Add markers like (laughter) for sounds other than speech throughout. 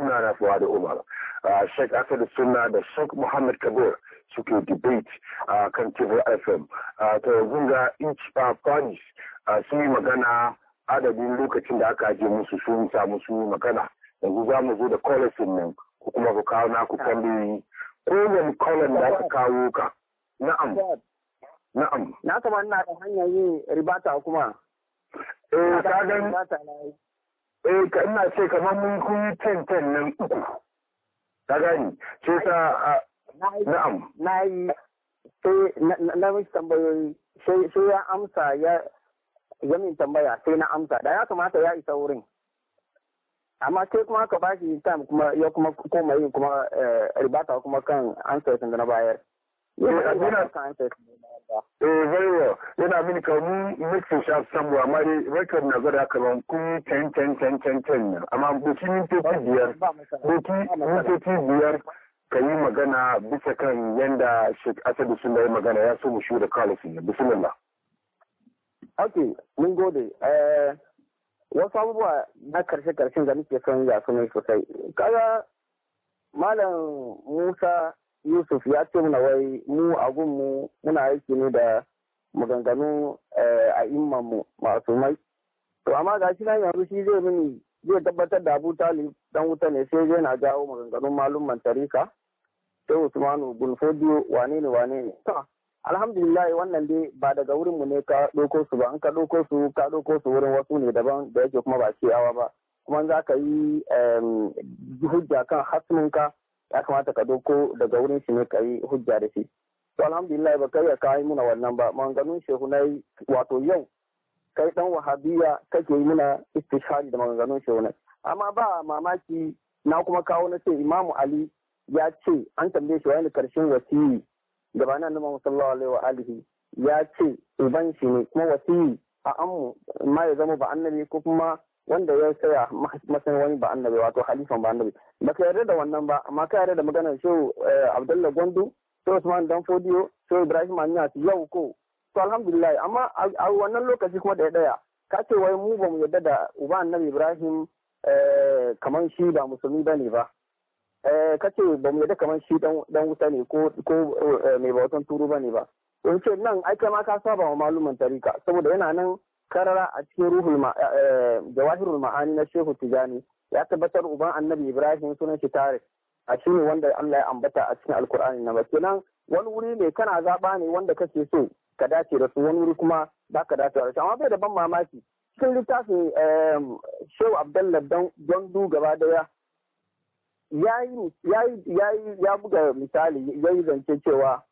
suna na fuwa da umar shek asadu suna da shek muhammad kabir suke debate a ah, kan tv fm ah, ta yanzu ga inch spanish ah, sun yi magana adadin lokacin da aka ajiye musu sun samu sun yi magana yanzu za mu zo da kolasin nan ko kuma ku kawo naku ko wani kolon da aka kawo ka na'am na'am na kamar na da hanyar yin ribata kuma eh ka eh ka ina ce kamar mun kun ten ten nan uku ka gani ce ta na'am na yi sai eh, na mishi tambayoyi sai ya amsa ya ya min tambaya sai na amsa da ya kamata ya isa wurin amma sai kuma ka bashi time kuma ya kuma koma yin kuma eh, ribata kuma kan answer da na bayar Eh, yana mini kamu mace sha samu amma dai rekod na gwada kaman kun ten ten ten ten ten na amma doki mintoci biyar doki mintoci biyar ka yi magana bisa kan yanda Sheikh Asadu Sunna magana ya so mu shi da kalifin ne bismillah ok mun gode eh, wasu abubuwa na karshe karshen da nake son ya su mai sosai kaga malam Musa yusuf ya ce muna wai mu a mu muna aiki ne da maganganu eh, a immanmu mai to amma ga shi nan yanzu shi zai mini zai tabbatar da abu talib dan wuta ne sai zai na jawo maganganun malumman tarika sai usmanu gulfodiyo wane ne wane ne alhamdulillah wannan dai ba daga wurinmu ne ka ɗauko su ba ka ɗauko su ka ɗauko su wurin wasu ne daban da yake kuma ba awa ba kuma za ka yi eh, hujja kan hasminka ya kamata ka doko daga wurin shi ne ka yi hujja da shi to alhamdulillah ba kai ya kawo muna wannan ba maganganun shehu na yi wato yau kai dan wahabiya kake yi muna istishari da maganganun shehu na amma ba mamaki na kuma kawo na ce imamu ali ya ce an tambaye shi wani karshen wasiyi gabanin annabi sallallahu alaihi wa alihi ya ce uban shi ne kuma wasiyi a amu ma ya zama ba annabi ko kuma wanda ya saya matsayin wani ba annabi wato halifan ba annabi ba ka yarda da wannan ba amma ka yarda da maganar shehu eh, abdullahi gwandu shehu usman dan fodiyo shehu ibrahim aniyas yau ko to alhamdulillah amma a wannan lokaci kuma daya daya ka ce wai mu ba mu yarda da uba annabi ibrahim eh, kamar shi ba musulmi ba ne ba eh, ka ce ba mu yarda kamar shi dan wuta ne ko mai bautan turu ba ne ba in ce nan aika ma ka saba wa malumin tarika saboda yana nan karara a cikin ruhul eh, eh, jawahirul ma'ani na shehu tijani ya tabbatar uban annabi ibrahim sunan shi tarik a cikin wanda allah ya ambata a cikin alkur'ani na nan wani wuri ne kana zaba ne wanda kake so ka dace da su wani wuri kuma ba ka dace da su amma bai da ban mamaki cikin littafin eh, shehu abdallah don du gaba daya ya buga misali ya yi zance cewa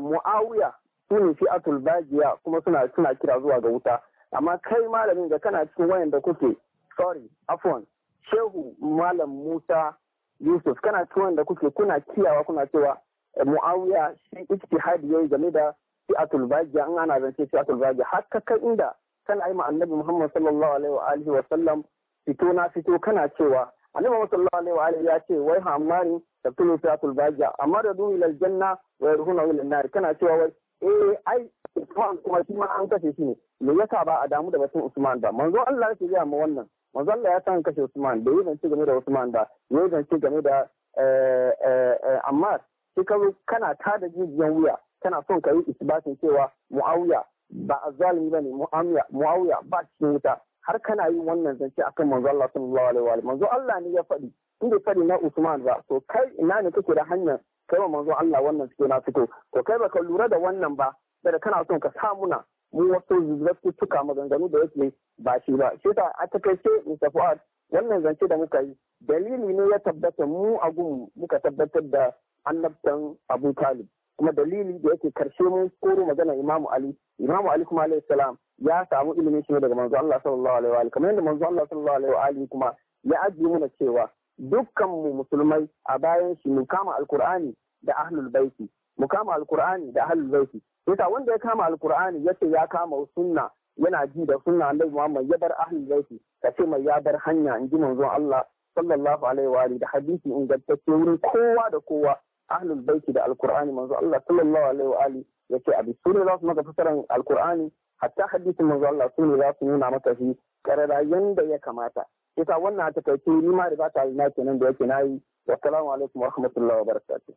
mu'awiya su ne fi atul bajiya kuma suna kira zuwa ga wuta amma kai malamin da kana cikin wayanda kuke sorry afwan shehu malam musa yusuf kana cikin wayanda kuke kuna kiyawa kuna cewa muawiya shi hadi yayi game da fi'atul bajiya an ana zance fi'atul bajiya haka kai inda kana yi ma annabi muhammad sallallahu alaihi wa alihi wa sallam fito na fito kana cewa annabi muhammad sallallahu alaihi wa alihi ya ce wai hamari da tulu fi'atul bajiya amma da duhu ilal janna wa yarhuna ila nar kana cewa wai eh ai Usman kuma shi ma an kashe shi ne me yasa ba a damu da batun Usman ba manzo Allah yake gaya ma wannan manzo Allah ya san kashe Usman da yi zance game da Usman ba yi zance game da eh, eh, eh, amma shi ka kana tada jijiyan wuya kana son ka yi isbatin cewa Muawiya ba azzalimi bane Muawiya Muawiya ba cikin wuta har kana yin wannan zance akan manzo Allah sallallahu alaihi wa manzo Allah ne ya faɗi in bai faɗi na Usman ba to kai ina ne kake da hanyar kai wa manzo Allah wannan suke na fito to kai ka lura da wannan ba da kana so ka samuna mu wasu tuka maganganu da yake ba shi ba shi ta a takaice Mr. Fuad wannan zance da muka yi dalili ne ya tabbata mu a gun muka tabbatar da annabtan Abu Talib kuma dalili da yake karshe mun koro magana Imamu Ali Imamu Ali kuma alayhi salam ya samu ilimin shi daga manzo Allah sallallahu alaihi wa alihi kamar yadda manzo Allah sallallahu alaihi wa alihi kuma ya ajiye mana cewa dukkan mu musulmai a bayan shi mu kama alkur'ani da ahlul baiti mu kama alkur'ani da ahlul baiti yasa wanda ya kama alkur'ani yace ya kama sunna yana ji da sunna Allah Muhammad ya bar ahlul baiti kace mai ya bar hanya in ji manzon Allah sallallahu alaihi wa da hadisi ingantacce wurin kowa da kowa ahlul baiti da alkur'ani manzo Allah sallallahu alaihi wa alihi yace abi sunna za maka fasaran alkur'ani hatta hadisin manzo Allah sunna za su nuna maka shi karara yanda ya kamata yasa wannan ta kai ni ma da ba ta yi na kenan da yake nayi wassalamu alaikum wa rahmatullahi wa barakatuh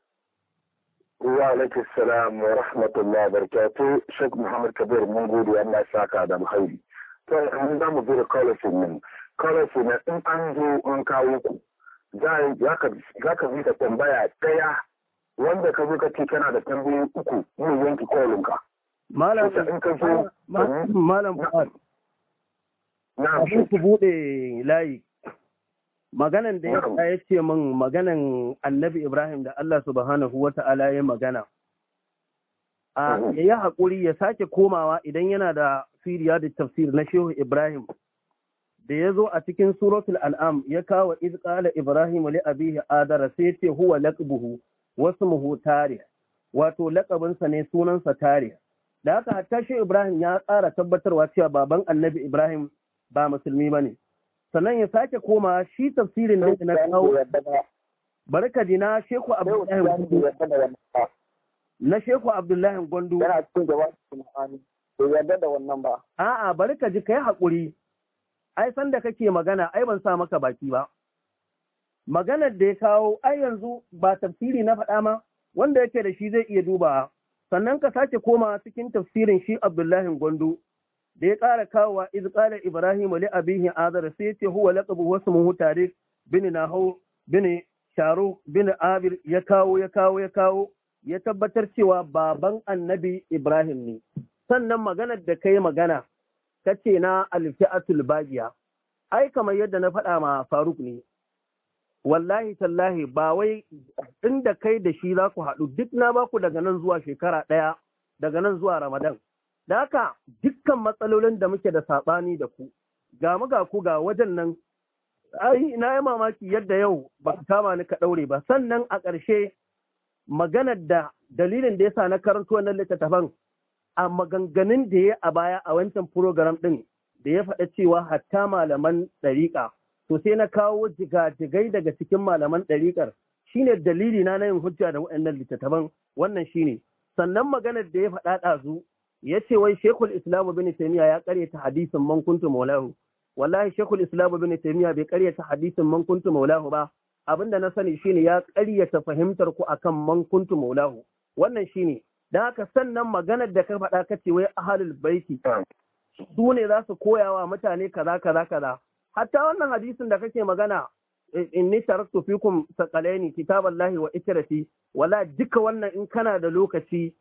Wa alaikis salam wa rahmatullah barakatu Sheikh Muhammad Kabir mun gode Allah saka da alkhairi. To an da mu da kalafin nan. Kalafin na in an zo an kawo ku. Za ka za ka da tambaya daya wanda ka zo ka ce kana da tambayoyi uku mu yanki kolin ka. Malam in ka zo Malam Na ku bude layi maganan da ya ce min maganan annabi Ibrahim da Allah subhanahu wa ta'ala ya magana a ya yi haƙuri ya sake komawa idan yana da firiya da tafsir na shehu Ibrahim da ya zo a cikin suratul al'am ya kawo iz qala Ibrahim li abihi adara sai ce huwa laqabuhu wasu muhu tare wato laƙabinsa ne sunansa tare da haka hatta shehu Ibrahim ya tsara tabbatarwa cewa baban annabi Ibrahim ba musulmi bane sannan ya sake koma shi tafsirin da na kawo barka dina sheku abdullahi gwandu na sheku abdullahi gwandu yana cikin gaba bai yarda da wannan ba a'a barka ji kai hakuri ai san da kake magana ai ban sa maka baki ba maganar da ya kawo ai yanzu ba tafsiri na faɗa ma wanda yake da shi zai iya duba sannan ka sake koma cikin tafsirin shi abdullahi gwandu da ya ƙara kawowa iz ƙara ibrahim li abihi azar sai ce huwa laqabu wasmuhu tarik bin nahu bin sharu bin abir ya kawo ya kawo ya kawo ya tabbatar cewa baban annabi ibrahim ne sannan maganar da kai magana ta ce na alfi'atul bagiya ai kamar yadda na faɗa ma faruk ne wallahi tallahi ba wai inda kai da shi za ku haɗu duk na baku daga nan zuwa shekara ɗaya daga nan zuwa ramadan Daka, haka dukkan matsalolin da muke da saɓani da ku, ga mu ku ga wajen nan, ai na yi mamaki yadda yau ba kama ni ka ɗaure ba, sannan a ƙarshe maganar da dalilin da ya sa na karanta wannan littattafan a maganganun da ya a baya a wancan program ɗin da ya faɗa cewa hatta malaman ɗariƙa. To sai na kawo jigajigai daga cikin malaman ɗariƙar shine dalili na yin hujja da waɗannan littattafan wannan shine. Sannan maganar da ya faɗa ɗazu yace wai Sheikhul Islam bin Taymiya ya karyata hadisin man kuntu maulahu wallahi Sheikhul Islam bin Taymiya bai karyata hadisin man kuntu maulahu ba abinda na sani shine ya karyata fahimtar ku akan man kuntu maulahu wannan shine dan haka sannan maganar da ka faɗa kace wai ahlul baiti su ne za su koya wa mutane kaza kaza kaza hatta wannan hadisin da kake magana inni taraktu fikum saqalaini kitaballahi wa ikrati wala duka wannan in kana da lokaci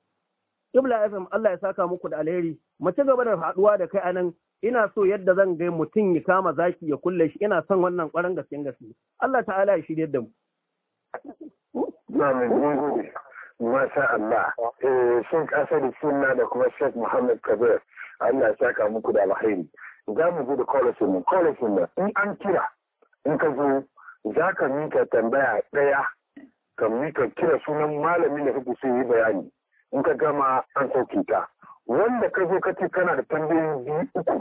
Ibla FM Allah ya saka muku da alheri. Mu ci gaba da haɗuwa da kai anan ina so yadda zan ga mutum ya kama zaki ya kulle shi ina son wannan ƙwarar gaske gaske. Allah ta'ala ya shirye da mu. Masha Allah, sun ƙasa da sunna da kuma Sheikh Muhammad Kabir, Allah ya saka muku da alheri. Za mu zo da kolasin mu, kolasin mu. in an kira, in ka zo, za ka mika tambaya ɗaya, ka mika kira sunan malamin da kake so yi bayani. in ka gama an sauke ta wanda ka zo ka ce kana da tambayoyi biyu uku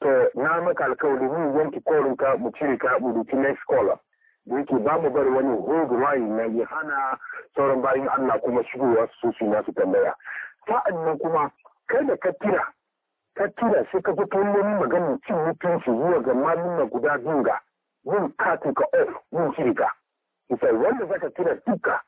to na maka alkawari mu wanki korin ka mu cire ka mu duki next caller da yake ba mu bari wani hold line na ya hana sauran bayan Allah kuma shigowa su su na su tambaya sa'an nan kuma kada ka tira ka tira sai ka fito wani maganin cin mutunci zuwa ga malumma guda biyu ga yin katin ka off yin shirka misali wanda zaka tira duka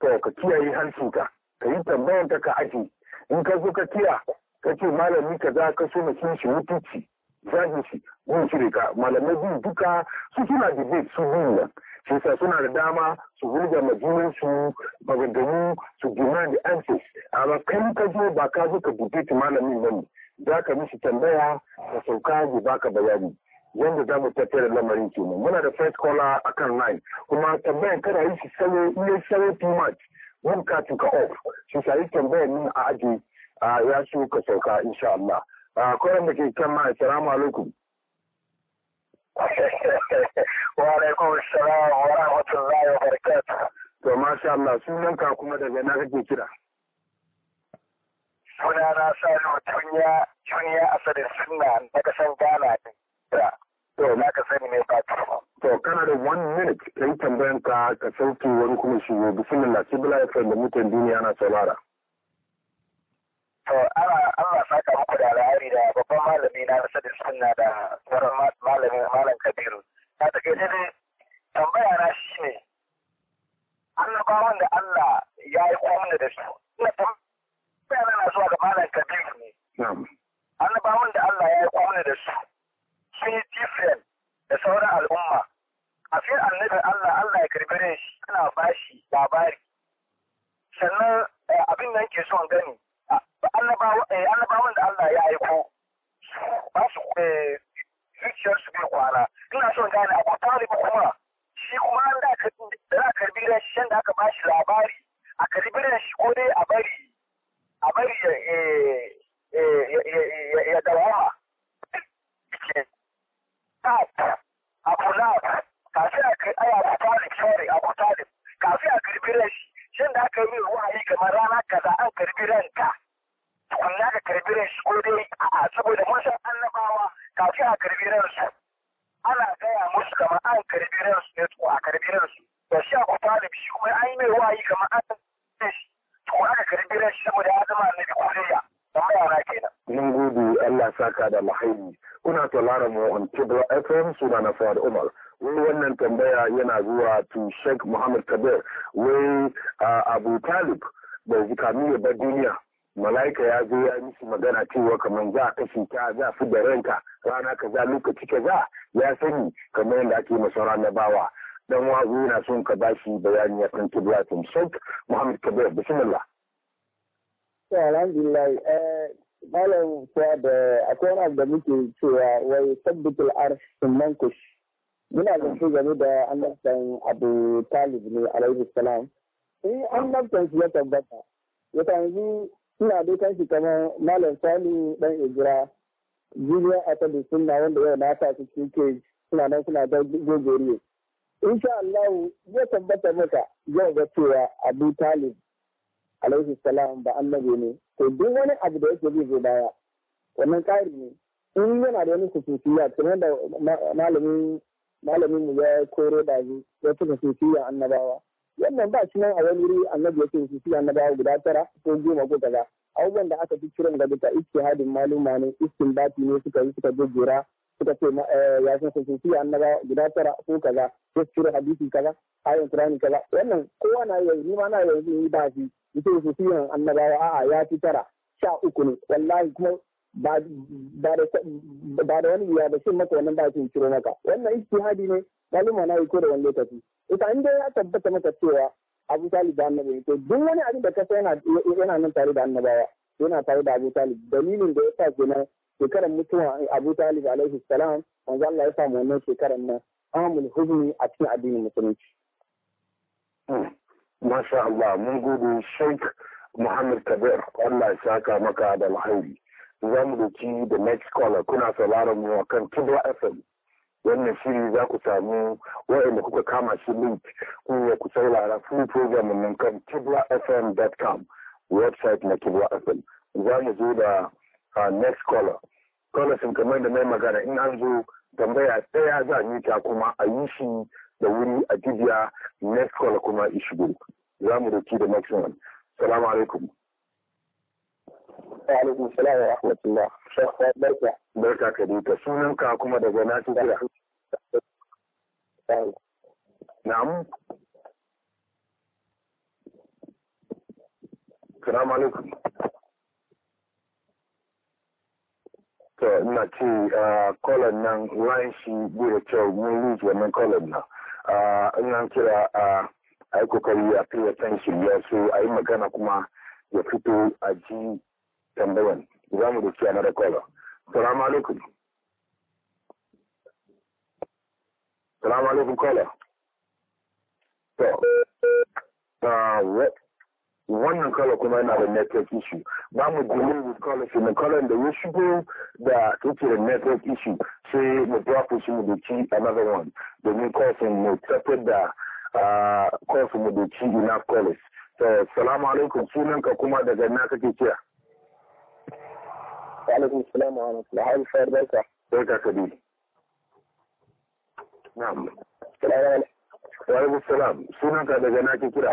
to ka kiyaye hancinka ka yi tambayan ka ka aji in ka zo ka kira ka ce malami ka za ka so na cin shi mutunci zagin shi gun shirya ka malamai biyu duka su suna debate su biyu nan shi sa suna da dama su hulga majunan su maganganu su demand answers amma kai ka zo ba ka zo ka debate malamin nan za ka mishi tambaya ka sauka ya baka bayani yanda za mu tattara lamarin kenan muna da first caller kan line kuma tambayan kada yi shi sayo iya sayo too much wani ka tuka off su sayi tambayar nan a aji ya so ka sauka insha Allah kawai da ke kan ma assalamu alaikum (laughs) wa alaikum assalam wa rahmatullahi wa barakatuh to masha Allah sunan ka kuma daga na kake kira sunana salihu tunya tunya asalin sunna daga san Ghana da To na ka sani ne ba To kana da one minute yi tambayan ka ka sauke wani kuma shigo bismillah sibila ya da mutan duniya na saurara. To ana Allah saka muku da alhari da babban malami na Rasadin Sunna da malami malamin Malam Kabiru. ta take dai tambaya na shi ne annabawan da Allah ya yi kwamna da su. Ina tambaya na zuwa ga Malam Kabiru ne. Annabawan da Allah ya yi kwamna da su. yi different da sauran al'umma a fi annabin Allah Allah ya karbi shi ana bashi labari sannan eh, abin da yake son gani eh, annabawan da Allah ya aiko ba su eh, zuciyar su bai kwana ina son gane abu talib kuma shi kuma an da za karbi ran shi yadda aka bashi labari a karbi shi ko dai a bari a bari ya dawama abu na kafin a kai aya abu talib sorry abu talib kafin a karbi ran shin da aka yi mai wahayi kamar rana kaza an karbi ranka tukunna ka karbi ran shi ko dai a'a saboda mun san annabawa kafin a karbi ran su ana gaya musu kamar an karbi ransu ne ko a karbi ran su da shi abu talib shi kuma an yi mai wahayi kamar an karbi ran shi tukunna ka karbi ran saboda ya zama annabi kuriya yara kenan mun gudu Allah saka da alhairi kuna talara mu on FM suna na Fawad Umar wai wannan tambaya yana zuwa to Sheikh Muhammad Kabir wai Abu Talib bai ya ba duniya malaika ya zo ya yi magana cewa kamar za a kashe ta za a fi da ranka rana ka kaza lokaci za, ya sani kamar yadda ake masa rana bawa dan wazo yana son ka bashi bayani akan kibla FM, Sheikh muhammad kabir bismillah To alhamdulillah eh, malam kuwa da akwai wani da muke cewa wai sabbitul arsh man kush. Muna zance game da annabtan Abu Talib ne alaihi salam. In eh, annabtan shi ya tabbata. Ya yanzu suna dokan shi kamar malam Sani dan Ijira. Junior Atabi suna wanda yau na sa su cikin suna nan suna da gogoriye. Insha Allah ya tabbata maka yau ga cewa Abu Talib alaihi salam ba annabi ne to duk wani abu da yake zai zo baya wannan ƙari ne in yana da wani kusurciya tunan da malamin malamin mu ya koro da zu ya fi kusurciya annabawa wannan ba shi nan a wani wuri annabi yake kusurciya annabawa guda tara ko goma ko kaza abubuwan da aka fi kiran da iske hadin maluma ne Iskin bati ne suka yi suka jejjera suka ce eh, ya san kusurciya annabawa guda tara ko kaza ko cire hadisi kaza ayin kurani kaza wannan kowa na yanzu ni ma na yanzu ni ba shi yake su siyan annabawa a'a ya fi tara sha uku ne wallahi kuma ba da wani ya da shin maka wannan ba su ciro maka wannan ijtihadi ne maluma na yi ko da wani lokaci ita in dai ya tabbata maka cewa Abu Talib da annabi to duk wani abin da kasa yana yana nan tare da annabawa yana tare da Abu Talib dalilin da ya ke nan shekarar mutuwa Abu Talib alaihi salam manzo Allah ya samu wannan shekarar nan amul hudumi a cikin addinin musulunci hmm. Masha Allah mun gode Sheikh Muhammad Kabir Allah ya saka maka da alhairi. Za mu doki da next caller kuna sauraron mu kan Kibra FM. Wannan shiri za ku samu wa'inda kuka kama shi link ku ku saurara full program nan kan kibrafm.com website na Kibra FM. Za mu zo da next caller. Caller sun kamar da mai magana in an zo tambaya ɗaya za a yi ta kuma a yi shi da wuri a jibiya next call kuma ishigo za mu roki da next salamu alaikum alaikum wa barka barka ka dai ka sunan ka na ci kira na'am salamu alaikum ina ce kolon ah, nan ruwan shi bai kyau mun lose wannan kolon nan ina kira a ai kokari ya fi ya can shirya so a yi magana kuma ya fito a ji tambayan za mu da kiya na rakwaba salamu alaikum salamu alaikum kola to uh, wannan kala kuma yana da network issue ba mu dealing with kala shi na kala da ya shigo da take da network issue sai mu drop shi mu doki another one domin kofin mu tafiyar da kofin ah, mu doki enough colors to salamu alaikum sunan ka kuma daga na kake kiya alaikum salam wa rahmatullahi wa barakatuh barka barka kabi na'am salamu alaikum wa alaikum salam sunan ka daga na kake kira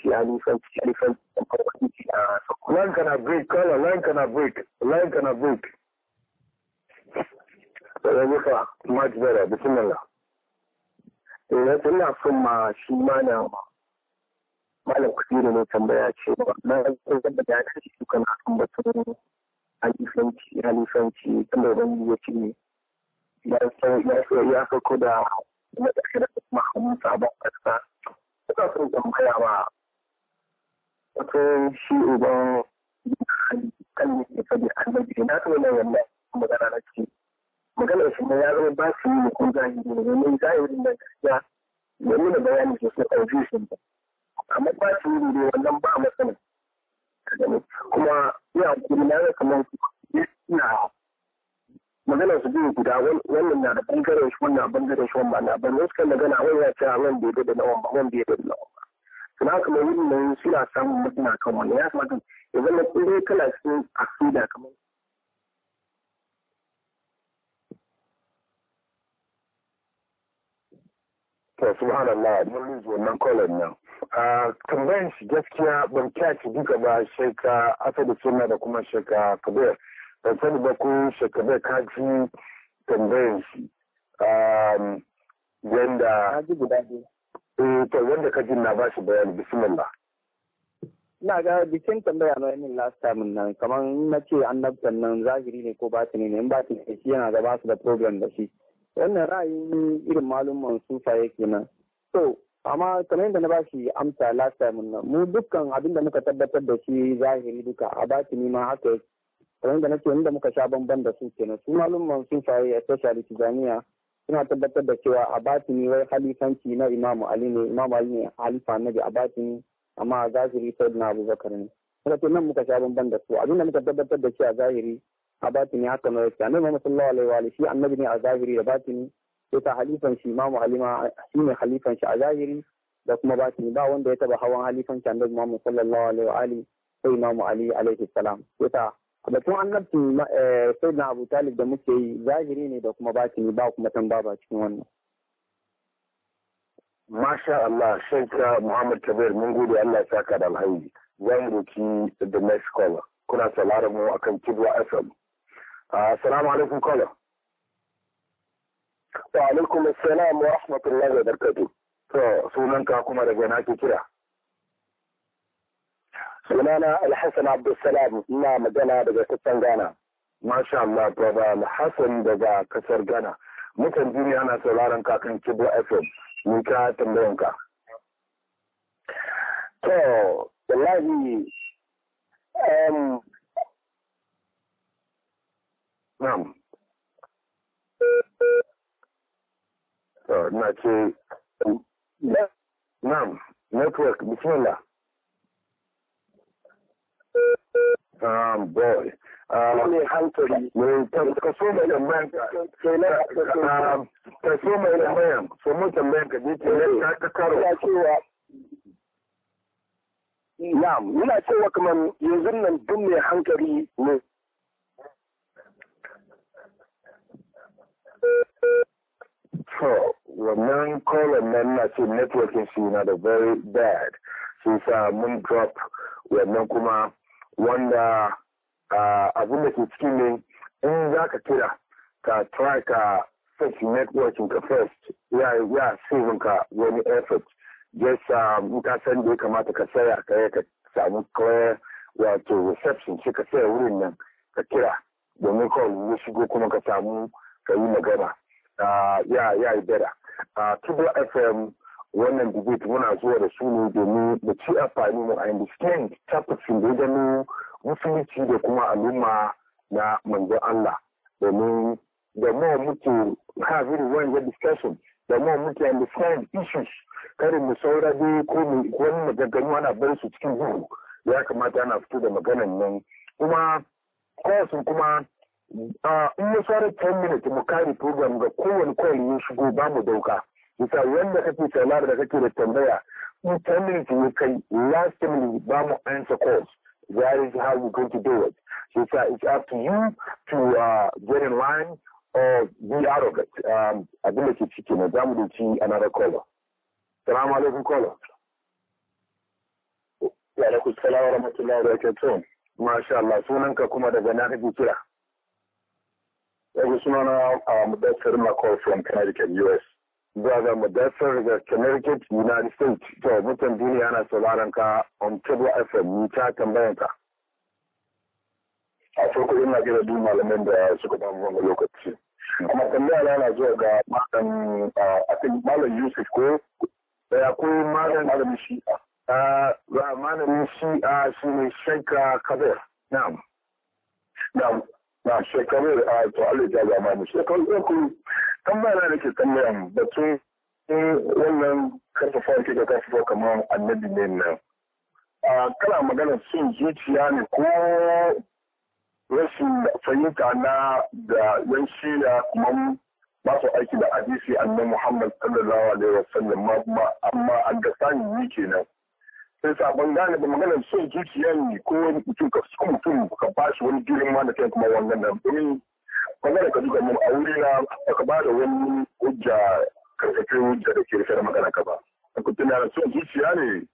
ci a nisan ci Line kana break, kala line kana break, line kana break. bismillah. Ina eh, tana son ma shi mana malam kudiri ne tambaya ce na zan da ya kashe su kan akan batun halifanci halifanci kan da ban ya ce ya san ya so ya sako da na da kuma mun sabon Kasa. Ina son tambaya ba wato shi uban kan ne fadi annabi na so ne wallahi magana na ce magana shi ne ya zama ba su yi ko zahiri ne ne zahiri ne gaskiya ya nuna bayani sosai confusion ba amma ba su yi ne wannan ba matsala kuma ya kuma na ga kamar na magana su biyu guda wannan na da bangaren shi wannan bangaren shi wannan na bangaren su kan magana wani ya ce a wani bai da na wani bai da na wani kuma haka mai yin nan suna samun mutuna kan wani ya kamata ya zama kullum kala cikin asida kamar to subhanallah mun lose wannan kolon nan a tambayan shi gaskiya ban kyaci duka ba sheka asadu suna da kuma sheka kabir ban sani ba ko bai ka ji tambayan shi yanda eh to wanda ka jin na bashi bayani bismillah ina ga bikin tambaya na min last time nan kamar na ce annabtan nan zahiri ne ko batini ne in ba ne shi yana da basu da program da shi wannan ra'ayin irin malumman sufa yake nan so amma kamar yadda na ba shi amsa last time nan mu dukkan abin da muka tabbatar da shi zahiri duka a batini ma haka kamar yadda na ce inda muka sha bamban da su kenan su malumman sufa ya especially tijaniya suna tabbatar da cewa a batini wai halifanci na imamu ali ne imamu ali ne halifa a batini amma zahiri sai na abubakar ne muka ce nan muka sha bamban da su abinda muka tabbatar da shi a zahiri a batini haka ne yake annabi muhammad sallallahu alaihi wa alihi shi annabi ne a zahiri da batini sai ta halifan shi imamu ali ma shi ne halifan shi a zahiri da kuma batini ba wanda ya taba hawan halifan shi annabi muhammad sallallahu alaihi wa alihi sai imamu ali alaihi salam sai ta batun annabcin eh, sai na abu talib da muke yi zahiri ne da kuma baki ne ba kuma tamba ba cikin wannan masha Allah shaika Muhammad Kabir mun gode Allah ya saka da alhaji zan roki the next caller kuna salara mu akan Kibwa FM ah, assalamu alaikum caller wa alaikum assalam wa rahmatullahi wa barakatuh to sunanka kuma daga na ke kira sunana alhassan abdulsalam ina magana daga sassan ghana masha allah brother alhassan daga kasar ghana mutan duniya na sauraron kakan kibo fm ni ka tambayan ka to wallahi um na'am to na ce na'am network bismillah Um, boy. mai karo cewa kamar yanzu nan duk mai hankali ne So, wannan kolon nan na ce networking shi na da very bad. Shi sa mun drop wannan kuma wanda abin da ke ciki ne in za ka kira ka try ka search networking ka first ya ya saving ka wani effort just um, in ka san da ya kamata ka saya ka ka samu kawai wato reception sai ka saya wurin nan ka kira domin kawai ya shigo kuma ka samu ka yi magana ya ya yi bera. Tuba FM wannan debate muna zuwa da su ne domin da ci amfani mu understand tabbacin da ya gano musulunci da kuma al'umma na manzon Allah domin da mu muke having wanga discussion da mu muke understand issues karin mu saura dai ko mu wani maganganu ana bar su cikin duhu ya kamata ana fito da maganan nan kuma kowace kuma ah, in ya saura 10 minutes mu kare program ga kowane kowane ya shigo ba mu dauka Bisa wanda kake saurara da kake da tambaya, in 10 minutes will last 10 minutes, Bama answer calls. That is how we're going to do it. So it's, uh, it's up to you to uh, get in line or be out of it. Um, I think it's chicken. I'm going to see another caller. Salam alaikum caller. Wa alaikum salam wa rahmatullahi wa barakatuh. Masha Allah. Sunanka kuma daga na kake kira. Yanzu sunana Mudassir um, Makol from Connecticut, US. zuwa ga madasar da Connecticut United States. To mutum duniya ana sauraron ka on Table FM ni ta tambayan ka. A farko ina gida duk malamin da suka ba mu lokaci. Kuma tambaya na zuwa ga malam a cikin malam Yusuf ko ya Kuma malam malamin shi'a. Za a malamin shi'a shi ne Shaika Kabir. Na'am. Na'am. Na shekaru a to Allah ya ga mu shekaru tambaya da ke tambayan batun wannan karfafa ke ga karfafa kamar annabi ne nan kana magana sun zuciya ne ko rashin fahimta na da yan shida kuma ba su aiki da hadisi annan Muhammad sallallahu alaihi wasallam kuma amma an ga sani kenan sai sabon gane ba magana son zuciya ne ko wani mutum ka bashi mutum ka ba shi wani girma da kai kuma wannan nan bangaren ka duka mu a wuri na baka ba da wani hujja karkace hujja da ke rufe da magana ka ba ku tuna son zuciya ne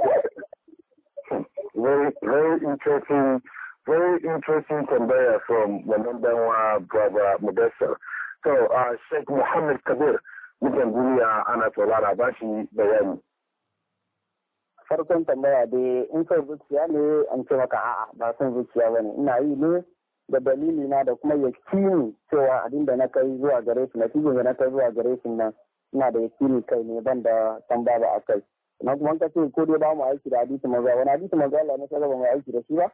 ko a very very interesting very interesting tambaya from wannan danwa brother Mudassar so uh, Sheikh Muhammad Kabir mutan duniya ana saurara ba shi bayani farkon tambaya dai in son zuciya ne an ce maka a'a ba son zuciya bane ina yi ne da dalili na da kuma yakini cewa abin da na kai zuwa gare na natijan da na kai zuwa gare su nan ina da yakini kai ne ban da san babu a kai na kuma ka ce ko dai ba mu aiki da hadisi maza wani hadisi maza Allah ne kaga ba mu aiki da shi ba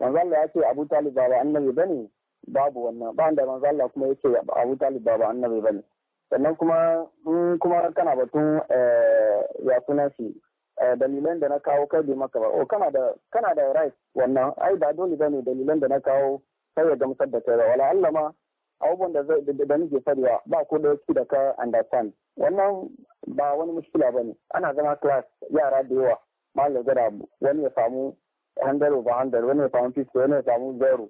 manzo Allah ya ce Abu Talib ba annabi bane babu wannan ba da manzo Allah kuma ya ce Abu Talib ba annabi bane sannan kuma in kuma kana batun eh, ya sunan shi eh, dalilan da na kawo kai bai maka ba o oh, kana da kana da right wannan ai ba dole bane dalilan da na kawo sai ya gamsar da kai wala Allah ma abubuwan da zai da nake faruwa ba ko da yake da ka understand wannan ba wani mushkila bane ana zama class yara da yawa malam gada wani ya samu 100 over handar wani ya samu fifty wani ya samu zero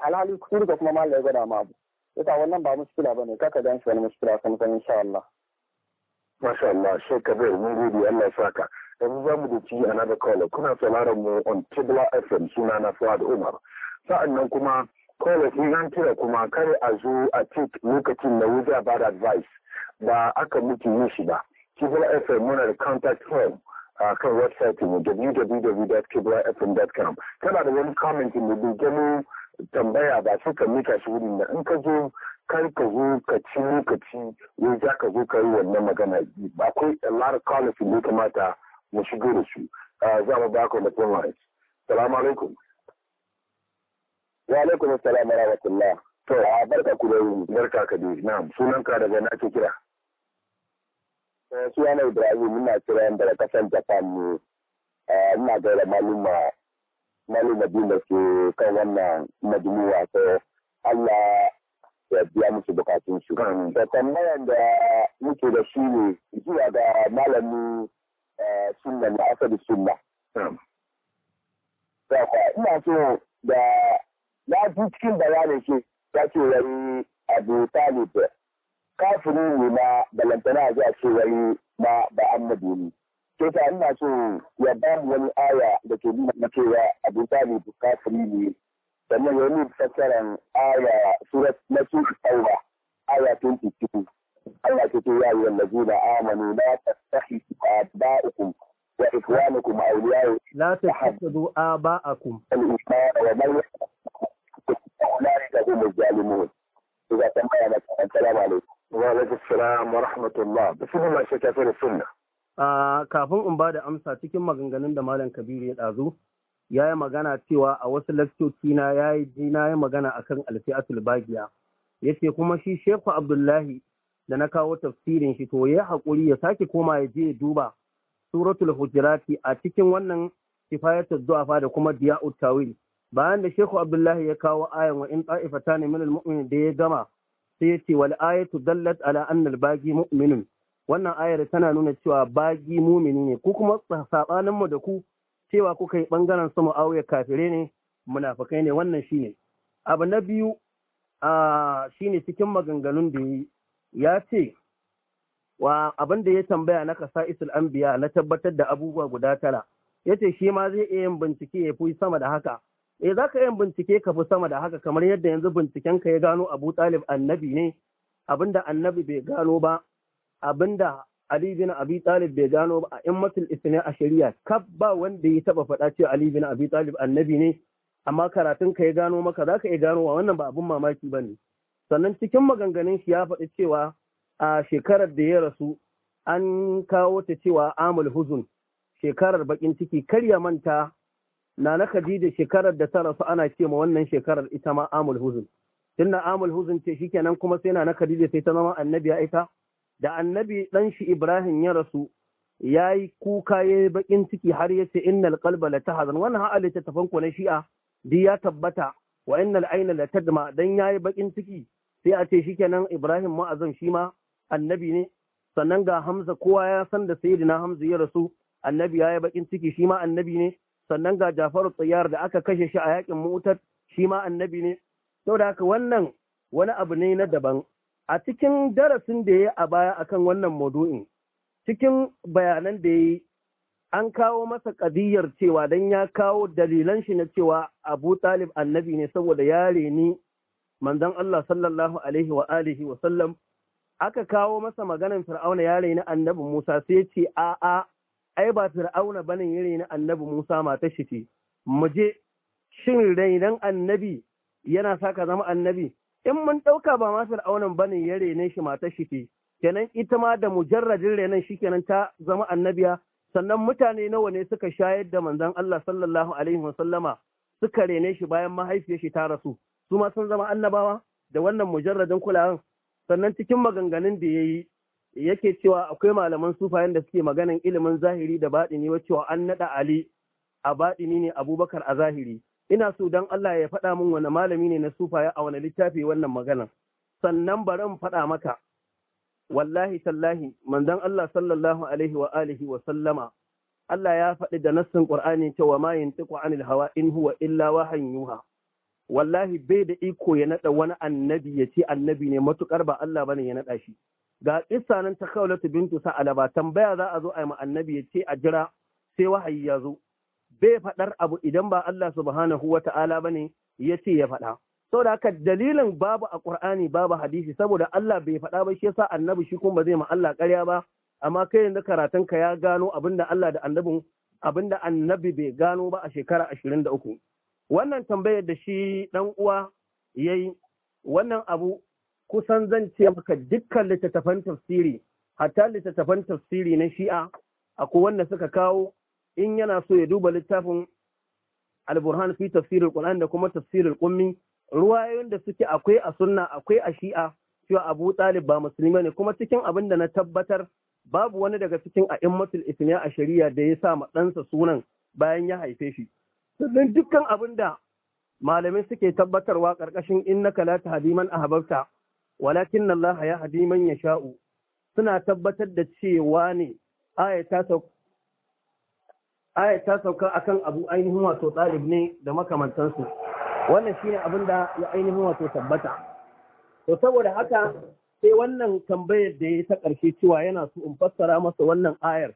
alhali su da kuma malam gada ma abu yasa wannan ba mushkila bane kaka gan shi wani mushkila kan san insha Allah Masha Allah, Sheikh bai mun gode Allah saka. Yanzu za mu da ci another caller. Kuna sauraron mu on Tibla FM suna na Fuad Umar. sa'annan kuma kawai in an kira kuma kare a zo a cik lokacin da wuja da advice ba aka muke yi shi ba kibla fm muna da contact form a kan website mu www.kiblafm.com tana da wani comment mu bi gano tambaya ba sai ka mika shi wurin da in ka zo kar ka zo ka ci lokaci wai za ka zo ka yi wannan magana akwai a lot of callers da kamata mu shigo da su ah, za mu ba ku da phone lines salamu alaikum Wa alaikum assalam wa rahmatullah. To, barka ku da yini. Barka ka dai. Na'am, sunan ka daga na ke kira. Eh, Suna Ibrahim ina kira daga kasan Japan ne. Eh, ina gaira maluma maluma biyu da ke kan wannan majmuwa ta Allah ya biya musu bukatun su. Da tambayan da muke da shi ne zuwa ga malami eh, sunna na asali sunna. Ina so da na fi cikin bayanin shi ya ce wani abu talib kafiri ne na balantana za a ce wani na ba annabi ne sai ta ina so ya ba mu wani aya da ke nuna cewa abu talib kafiri ne sannan ya nuna fassaran aya surat na surat tauba aya 22 Allah ke ce ya yi wallazina amanu la tattakhidu aba'akum wa ikhwanakum awliya la tattakhidu aba'akum al-ikhwan wa man أولئك kafin in ba da amsa cikin maganganun da Malam Kabiru ya ɗazu, ya yi magana cewa a wasu lakcoci na ya yi ji na yi magana a kan alfi'atul bagiya. Ya ce kuma shi Sheku Abdullahi da na kawo tafsirin shi to ya haƙuri ya sake koma ya je ya duba suratul hujirati a cikin wannan kifayatul du'afa da kuma diya'ut tawil bayan da shehu Abdullahi ya kawo ayan wa in ta'ifatan min al mumin da ya gama sai yace wal ayatu dallat ala annal bagi, mu'minun wannan ayar tana nuna cewa bagi mumini ne Ku kuma sabanin mu da ku cewa kuka yi bangaren su mu'awiya kafire ne munafikai ne wannan shine abu na biyu a shine cikin maganganun da ya ce wa abin da ya tambaya na kasa an anbiya na tabbatar da abubuwa guda tara yace shi ma zai iya yin bincike ya fi sama da haka eh za ka yin bincike ka fi sama da haka kamar yadda yanzu binciken ka ya gano abu talib annabi ne abinda annabi bai gano ba abinda ali bin abi talib bai gano ba a immatul isna a shari'a kaf ba wanda ya taba faɗa cewa ali bin abi talib annabi ne amma karatun ka ya gano maka za ka iya wa wannan ba abin mamaki ba ne sannan cikin maganganun shi ya faɗi cewa a shekarar da ya rasu an kawo ta cewa amul huzun shekarar bakin ciki kar ya manta Nana Khadija shekarar da ta rasu ana ce ma wannan shekarar ita ma Amul Huzun. Tunda Amul Huzun ce shikenan kuma sai Nana Khadija sai ta zama annabi ita. Da annabi dan shi Ibrahim ya rasu ya yi kuka ya yi bakin ciki har ya ce innal qalba la tahzan wannan ha alita tafanku na shi'a di ya tabbata wa innal aina la tadma dan yayi bakin ciki sai a ce shikenan Ibrahim ma'azan shi ma annabi ne sannan ga Hamza kowa ya san da sayyidina Hamza ya rasu annabi yayi bakin ciki shi ma annabi ne sannan ga Jafaru Tsayar da aka kashe shi a yakin Mu'tar shi ma annabi ne saboda haka wannan wani abu ne na daban a cikin darasin da ya yi a baya akan wannan maudu'in cikin bayanan da ya yi an kawo masa kadiyar cewa dan ya kawo dalilan shi na cewa Abu Talib annabi ne saboda ya reni manzon Allah sallallahu alaihi wa alihi wa sallam aka kawo masa maganan Fir'auna ya reni annabi Musa sai ce a'a ai ba fir'auna bane ya raina annabi Musa matar shi ce mu je shin rainan annabi yana sa ka zama annabi in mun ɗauka ba ma fir'aunan bane ya raine shi matar shi ce kenan ita ma da mujarradin rainan shi kenan ta zama annabiya sannan mutane nawa ne suka shayar da manzon Allah sallallahu alaihi wasallama suka rene shi bayan mahaifiyar shi ta rasu su ma sun zama annabawa da wannan mujarradin kulawan sannan cikin maganganun da yayi yake cewa akwai malaman sufayen da suke maganan ilimin zahiri da baɗini wacewa an naɗa Ali a baɗini ne Abubakar a zahiri. Ina so don Allah ya faɗa min wani malami ne na sufaye a wani littafi wannan maganan. Sannan bari in faɗa maka. Wallahi tallahi manzon Allah sallallahu alaihi wa alihi wa sallama Allah ya faɗi da nassin Qur'ani cewa ma yantiqu anil hawa in huwa illa wahan yuha. Wallahi bai da iko ya naɗa wani annabi ya ce annabi ne matukar ba Allah bane ya naɗa shi. ga kissa nan ta kaulatu bintu sa'alaba tambaya za a zo a yi annabi ya ce a jira sai wahayi ya zo bai faɗar abu idan ba Allah subhanahu wa ta'ala ba ne ya ce ya faɗa. Saboda haka dalilin babu a Ƙur'ani babu hadisi saboda Allah bai faɗa ba shi yasa annabi shi kuma zai ma Allah ƙarya ba amma kai yanzu karatun ka ya gano abinda Allah da annabin abinda annabi bai gano ba a shekara ashirin da uku. Wannan tambayar da shi ɗan uwa yayi wannan abu kusan zan ce maka dukkan littattafan tafsiri hatta littattafan tafsiri na shi'a akwai wanda suka kawo in yana so ya duba littafin alburhan fi tafsirin quran da kuma tafsirin kummi ruwayoyin da suke akwai a sunna akwai a shi'a cewa abu talib ba musulmi ne kuma cikin abin da na tabbatar babu wani daga cikin a'immatul ismiya a shari'a da ya sa ɗansa sunan bayan ya haife shi sannan dukkan abin da malamai suke tabbatarwa ƙarƙashin in na kalata tahdi a Habarta. walakin Allah ya hadi man ya sha'u suna tabbatar da cewa ne aya ta sauka a kan abu ainihin wato ɗalib ne da makamantansu wannan shine abin da ya ainihin wato tabbata to saboda haka sai wannan tambayar da ya ta ƙarshe cewa yana so in fassara masa wannan ayar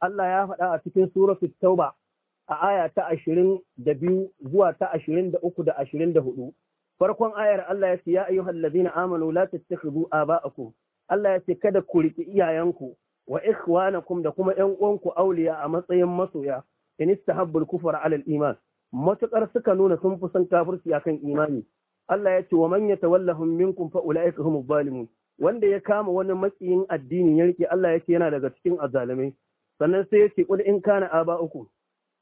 Allah ya faɗa a cikin suratul tauba a aya ta ashirin da biyu zuwa ta ashirin da uku da ashirin da hudu farkon ayar Allah ya ce ya ayyuhal ladina amanu la tattakhidhu aba'akum Allah ya ce kada ku riki iyayenku wa ikhwanakum da kuma ƴan uwanku auliya a matsayin masoya in istahabbul kufra ala al-iman matukar suka nuna sun fi son kafirci akan imani Allah ya ce wa man yatawallahum minkum fa ulaika humuz zalimun wanda ya kama wani matsiyin addini ya rike Allah ya ce yana daga cikin azzalumai sannan sai ya ce qul in kana aba'ukum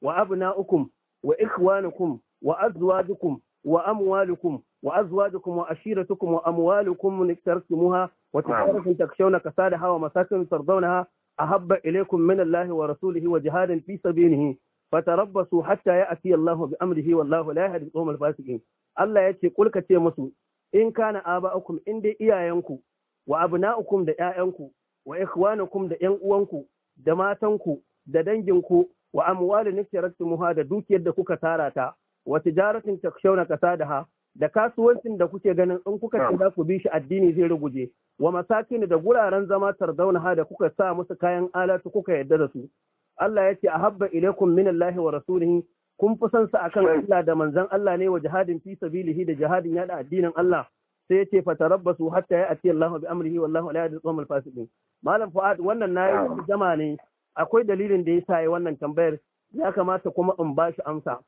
wa abna'ukum wa ikhwanukum wa azwajukum وأموالكم وأزواجكم وأشيرتكم وأموالكم اقترفتموها وتجارة تخشون كسادها ومساكن ترضونها أحب إليكم من الله ورسوله وجهاد في سبيله فتربصوا حتى يأتي الله بأمره والله لا يهدي القوم الفاسقين الله يتي قل كتي مسو إن كان آباؤكم إن دي إيايانكو وأبناؤكم دي إيايانكو وإخوانكم دي إنقوانكو دماتنكو da danginku wa amwalin nake rattumuha da dukiyar da kuka tara ta wa tijaratin takshawna kasa da ha? Da kasuwancin da kuke ganin in kuka ce za ku bi shi addini zai ruguje wa masakin da guraren zama tarzauna ha da kuka sa musu kayan alatu kuka yadda da su Allah ya ce ahabba ilaikum minallahi wa rasulihi kun fi son sa akan Allah da manzon Allah ne wa jihadin fi sabilihi da jihadin yada addinin Allah sai ya ce fatarabbasu hatta ya ati Allah bi amrihi wallahu la yahdi al fasiqin malam fuad wannan nayi jama'a ne akwai dalilin da yasa yi wannan tambayar ya kamata kuma in ba shi amsa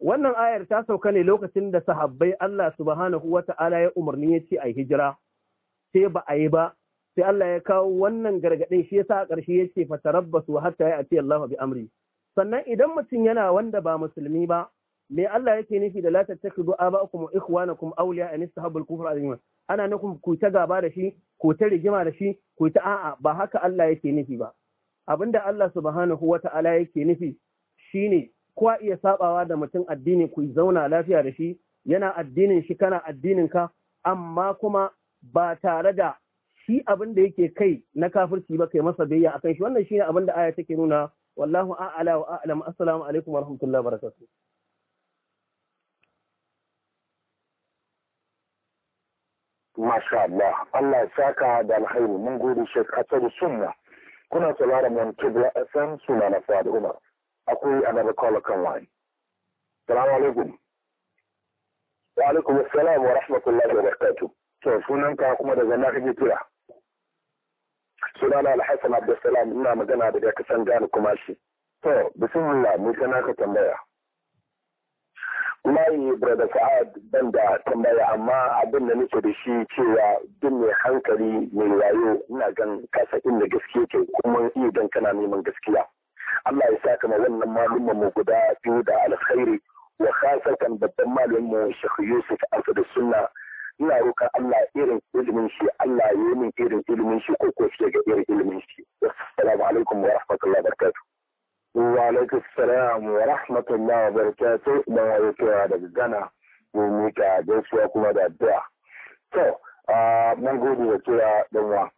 wannan ayar ta sauka ne lokacin da sahabbai Allah subhanahu wata'ala ya umarni ya ce a hijira sai ba a yi ba sai Allah ya kawo wannan gargaɗin shi yasa a ƙarshe ya ce fatarabbasu hatta ya ati Allah bi amri sannan idan mutum yana wanda ba musulmi ba me Allah yake nufi da la tattakidu aba'akum wa ikhwanakum awliya an istahabbu al-kufra alayhim ana nufin ku ta gaba da shi ku ta rigima da shi ku ta a'a ba haka Allah yake nufi ba abinda Allah subhanahu wata'ala yake nufi shine kowa iya sabawa da mutum addini ku zauna lafiya da shi yana addinin shi kana addinin ka amma kuma ba tare da shi abin da yake kai na kafirci ba kai masa biyayya akan shi wannan shine abin da aya take nuna wallahu a'ala wa a'lam assalamu alaikum wa rahmatullahi wa barakatuh Masha Allah, Allah ya saka da alhairu mun gode Sheikh Asadu Sunna. Kuna sauraron Montebello FM suna na Fuad Umar. akwai another caller kan wani. Salamu alaikum. Wa alaikum assalam wa rahmatullahi wa barakatuh. To sunan ka kuma daga na kake kira. Sunana Alhassan Abdulsalam ina magana daga kasan Ghana kuma shi. To bismillah mun kana ka tambaya. Layi Brother Sa'ad ban da tambaya amma abin da nake da shi cewa duk mai hankali mai wayo ina gan kasa inda gaske ke kuma iya dan kana neman gaskiya. Allah ya saka ma wannan malumman mu guda biyu da alkhairi wa khasatan babban malamin mu Sheikh Yusuf Asad Sunna ina roƙa Allah irin ilimin shi Allah ya yi min irin ilimin shi ko ko shi ga irin ilimin shi assalamu alaikum wa rahmatullahi wa barakatuh wa alaikum assalam wa rahmatullahi wa barakatuh da wa yake da gana mu mika gaisuwa kuma da addu'a to mun gode da kira dan wa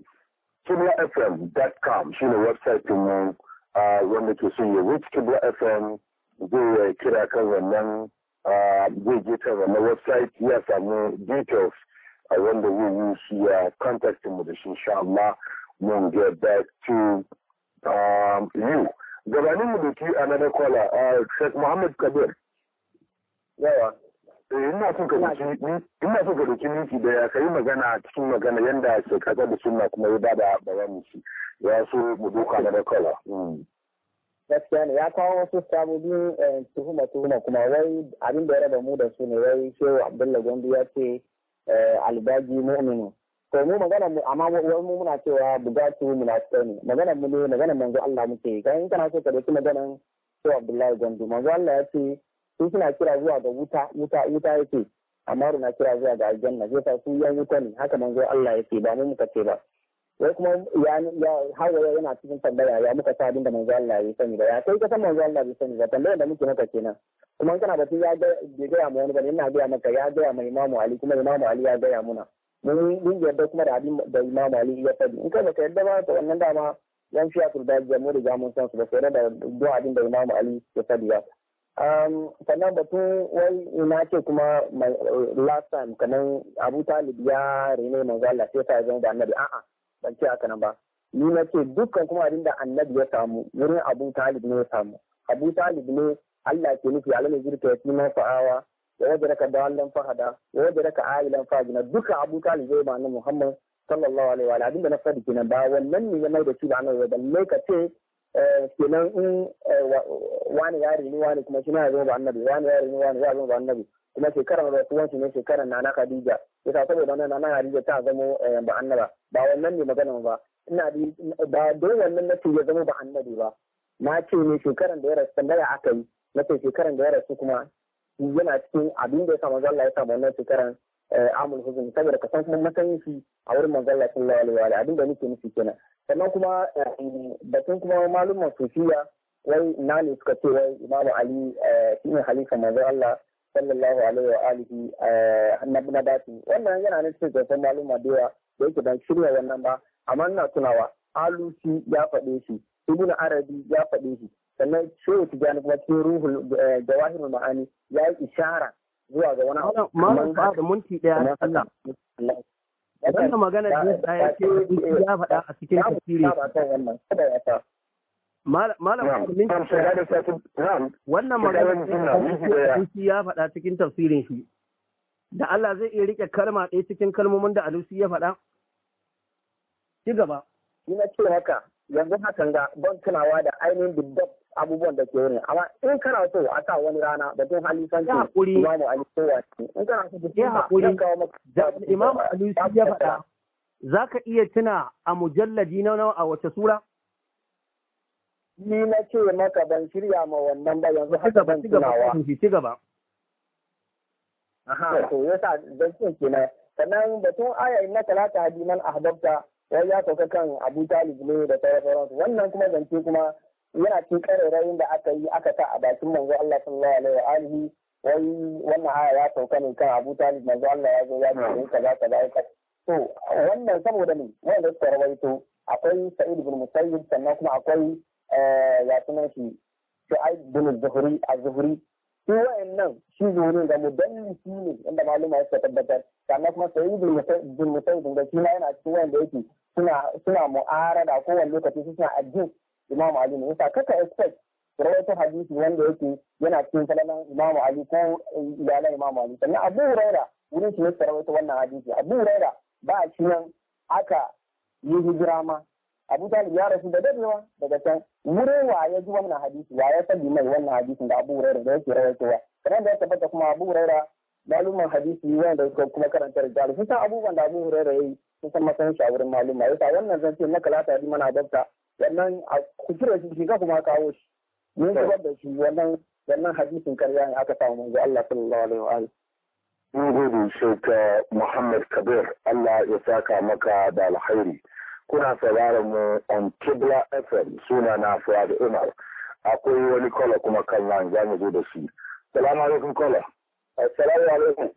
sunwafm.com shine website mu wanda ke so ya reach Kibla FM zai kira kan wannan zai je kan wannan website ya samu details I zai yi shi ya contact mu da shi insha Allah mun get back to um, you. Gabanin mu da ki another caller, uh, Sheikh mohammed Kabir. Yawa. Yeah. Eh, ina so ka doki minti da ya kai magana cikin magana yanda ke kasa da suna kuma ya bada bayanin shi ya so mu doka na da kala hmm. gaskiya ne ya kawo wasu sababbin eh, tuhuma tuhuma kuma wai abin da ya raba mu da su ne wai shehu abdullahi Gombe ya ce eh, albaji mu'minu to mu magana mu amma wai mu muna cewa bugatu cewa ne magana mu ne magana manzo Allah muke yi kan kana so ka doki maganan shehu abdullahi gwandu manzo Allah ya ce su suna kira zuwa ga wuta wuta wuta yake amma na kira zuwa ga aljanna zai sa su yan wuta ne haka manzo Allah yake ba mu muka ce ba wai kuma ya ya hawa yana cikin tambaya ya muka sa abin da manzo Allah ya sani ba ya kai kasan manzo Allah ya sani ba tambayar da muke maka kenan kuma kana da ya ga bai gaya mu wani bane ina gaya maka ya gaya mai Imamu Ali kuma Imamu Ali ya gaya muna mun mun yadda kuma da abin da Imamu Ali ya faɗi in kai baka yadda ba to wannan dama yan fiya turbaji mu riga mun san su ba sai da duk abin da Imamu Ali ya faɗi ba Um, sannan batun wai ina ce kuma last time kanan abu talib ya rene manzo Allah sai ta zama da annabi a'a ban ce haka nan ba ni na ce dukkan kuma abin da annabi ya samu wurin abu talib ne ya samu abu talib ne Allah ke nufi Allah ne zirka ya fi na fa'awa ya waje raka dalan fahada ya waje raka ailan fahina duka abu talib zai ma Muhammad sallallahu alaihi wa alihi abin da na fadi kenan ba wannan ne ya mai da shi ba annabi ba lalle ka ce Eh, kenan in eh, wani ya ni wani kuma shi ya zama ba annabi wani ya rini wani ya zama ba annabi kuma shekarar shi ne shekarar nana khadija ita saboda na nana khadija ta zama eh, ba annaba ba wannan ne magana ba ina ba don wannan na ya zama ba annabi ba na ce ne shekaran da ya rasu tambaya aka yi na ce shekaran da ya rasu kuma yana cikin abin da ya samu zalla ya samu wannan shekaran amul huzun saboda ka san kuma matsayin shi a wurin manzalla Allah sallallahu alaihi wa alihi abin da nake nufi kenan sannan kuma eh, batun kuma malumman sufiya wai na ne suka ce wai imamu ali eh, shi ne halifa manzo Allah sallallahu alaihi wa alihi eh, na na dati wannan yana ne cikin gasan maluma da da yake ban shirya wannan ba amma ina tunawa alusi ya faɗe shi ibn arabi ya faɗe shi sannan shehu tijani kuma cikin ruhul jawahir ma'ani ya yi ishara zuwa ga wani abu. Malam ba wannan magana da ya ce ya faɗa a cikin tafsiri malam min wannan magana shi ya faɗa cikin tafsirin shi da Allah zai iya rike kalma ɗaya cikin kalmomin da alusi ya faɗa ci gaba ina ce haka yanzu hakan ga ban tunawa da ainihin dubbab abubuwan da ke wurin amma in kana so a sa wani rana da tun hali san hakuri imamu ali kowa in kana so da hakuri imamu ali ya faɗa za ka iya tuna a mujalladi na nawa a wace sura ni na ce maka ban shirya ma wannan ba yanzu haka ban tunawa ci gaba aha to yasa dan cin kenan sannan batun aya inna talata hadiman ahbabta wai ya sauka kan abu talib ne da sauransu wannan kuma zance kuma yana cikin kararrayin da aka yi aka sa a bakin manzo Allah sallallahu alaihi wa alihi wai wannan aya ya sauka ne kan Abu Talib manzo Allah ya zo ya ce kaza kaza kaza to wannan saboda ne wanda suka rawaito akwai Sa'id bin Musayyib sannan kuma akwai ya eh, sunan shi Sa'id bin Zuhri az-Zuhri shi wayannan shi zuhuri da mudallisi ne inda maluma suka tabbatar sannan kuma Sa'id bin Musayyib da shi ma yana cikin wanda yake suna suna mu'arada kowane lokaci suna addini Imam Ali ne yasa kaka expect rawaito hadisi wanda yake yana cikin salalan Imam Ali ko eh, iyalan Imam Ali sannan Abu Huraira wurin shi ne rawaito wannan hadisi Abu Huraira ba shi nan aka yi hijira ma Abu Talib ya rasu da dadewa daga can wurin wa ya ji wannan hadisi ya ya sabi mai wannan hadisi da Abu Huraira da yake rawaitowa sannan da ya tabbata kuma Abu Huraira malumin hadisi wanda suka kuma karanta rijalu sun san abubuwan da Abu Huraira yayi sun san masanin shi a wurin maluma yasa wannan zance na kalata ya mana dabta wannan a shi ka kuma kawo shi mun zubar da shi wannan wannan hadisin karya ne aka samu manzo Allah sallallahu alaihi wa alihi mun gode uh, Muhammad Kabir Allah ya saka maka da alkhairi kuna sauraron mu on Kibla FM suna na Fuad Umar akwai wani kola kuma kan nan za mu zo da shi salamu alaikum kola assalamu alaikum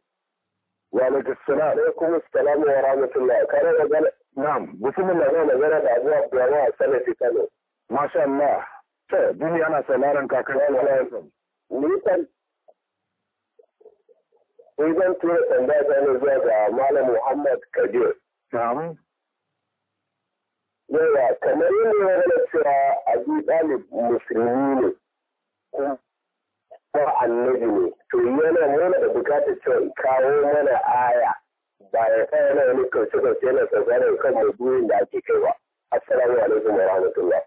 wa alaikum assalam alaikum assalamu wa rahmatullahi kare da Na'am, mutumin na yau magana da abuwa biyarwa a Salafi Kano. Masha Allah, ta duniya na sauraron kakan Salafi. Nisan, in zan tura tambaya ta ne zuwa ga Malam Muhammad Kadir. Na'am. Yawa, kamar yin ne wani cewa Abu Dalib musulmi ne, kuma ba annabi ne, to yana nuna da bukatar cewa kawo mana aya. ba ya kai yana wani kauce kauce na tsakanin kan mabuyin da ake kaiwa assalamu alaikum wa rahmatullah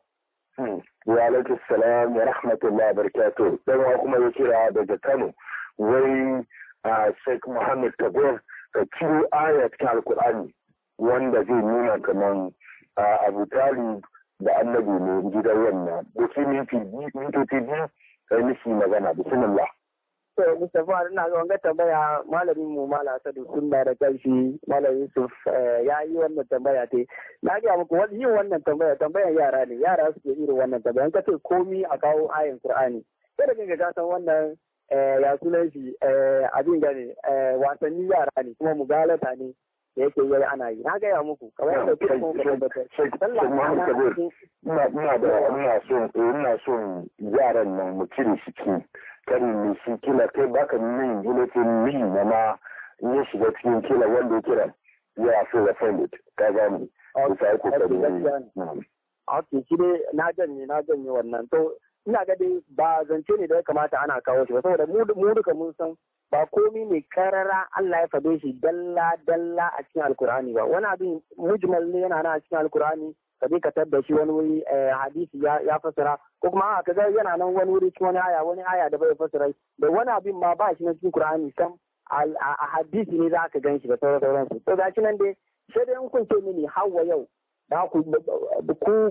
hmm. wa alaikum salam wa rahmatullah barakatuh dan wa kuma ya kira daga Kano wai Sheikh Muhammad Kabir ka ciro aya ta Alkur'ani wanda zai nuna kaman Abu Talib da annabi ne gidan wannan da shi minti biyu kai mishi magana bismillah to Mustafa ina ga wanga tambaya malamin mu mala Asadu sun da kanshi malam Yusuf eh, ya yi wannan tambaya te na ga muku wani yin wannan tambaya tambayan yara ne yara suke irin wannan tambaya ka ce komi a kawo ayin Qur'ani sai da kinga san wannan eh, ya sunan shi eh, abin wasanni yara ne kuma mu galata ne da yake yi ana yi na ya muku kamar yadda kuka kuma kuma sallah kuma da ina kuma ina kuma yaran kuma mu kuma shi Kan mai shi kila kai baka min gulotin min na ma ya shiga cikin kila wanda kira ya so ya fayyut ka gani bisa ya kokarin yi ok shi dai na janye na janye wannan to ina ga dai ba zance ne da ya kamata ana kawo shi ba saboda mu duka mun san ba komi ne karara Allah ya faɗe shi dalla dalla a cikin alkur'ani ba wani abin mujmal ne yana nan a cikin alkur'ani ka je ka tabbashi wani wuri eh, hadisi ya fasara ko kuma ka ga yana nan wani wuri cikin wani aya wani aya da bai fasirai da wani abin ma ba shi na cikin Qur'ani sam a hadisi ne za ka gan shi da sauran sauran su to gashi nan dai sai dai in kun ce mini hawa yau da ku ku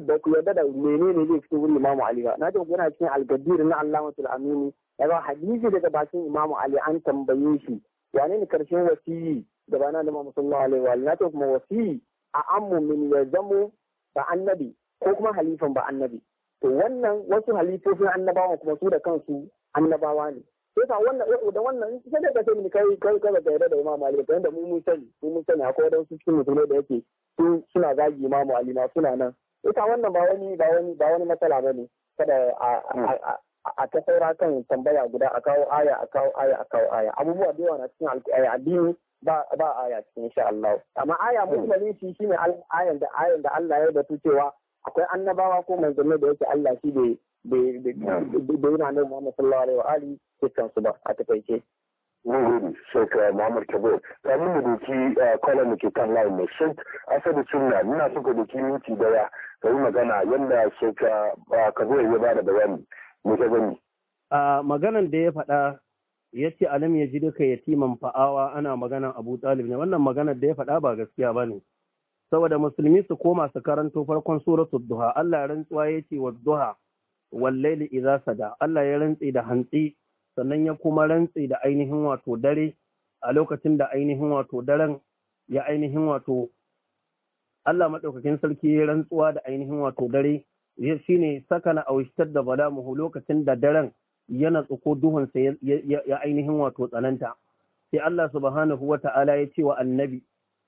ba ku yadda da menene zai fito wurin Imam Ali ba na ji yana cikin al-Gadir na Allamatul Amini daga hadisi daga bakin Imam Ali an tambaye shi ya ne karshen wasiyi da bana da Muhammad sallallahu alaihi wa na ce kuma wasiyi a ammu min ya zamo ba annabi ko kuma halifan ba annabi to wannan wasu halittofin annabawa kuma su da kansu annabawa ne sai ka wannan eh, da wannan sai da kashe mini kai kai kai da yarda da Imam ba? da mu mun sani mu mun sani akwai wadansu cikin musulmai da yake su suna zagi Imam Ali ma suna nan ita wannan ba wani ba wani ba wani matsala bane kada a a ta saura kan tambaya guda a kawo aya a kawo aya a kawo aya abubuwa da yawa na cikin eh, addini ba ba aya cikin insha Allah amma aya musulmi shi shine ayan da ayan da Allah ya batu cewa akwai annabawa ko manzanni da yake Allah shi bai bai yana nan Muhammad sallallahu alaihi wa ali dukkan su ba a takaice mm-hmm. shekara Muhammad Kabir kamin mu doki kwanan uh, da ke kan layin mai shek asali sunna ina so ka doki minti daya ka yi magana yadda shekara uh, Kabir ya bada bayani mu ka gani. maganan da ya faɗa ya ce alam ya ji duka yatiman fa'awa ana maganan Abu Talib ne wannan maganar da ya faɗa ba gaskiya ba ne. saboda musulmi su koma su karanto farkon suratu duha Allah ya rantsuwa ya ce wa duha wal layli idza sada Allah ya rantsi da hantsi sannan ya kuma rantsi da ainihin wato dare a lokacin da ainihin wato daren ya ainihin wato Allah madaukakin sarki ya rantsuwa da ainihin wato dare shine sakana awishtar da balamuhu lokacin da daren yana tsoko duhunsa ya ainihin wato tsananta sai Allah subhanahu wa ta'ala ya ce wa annabi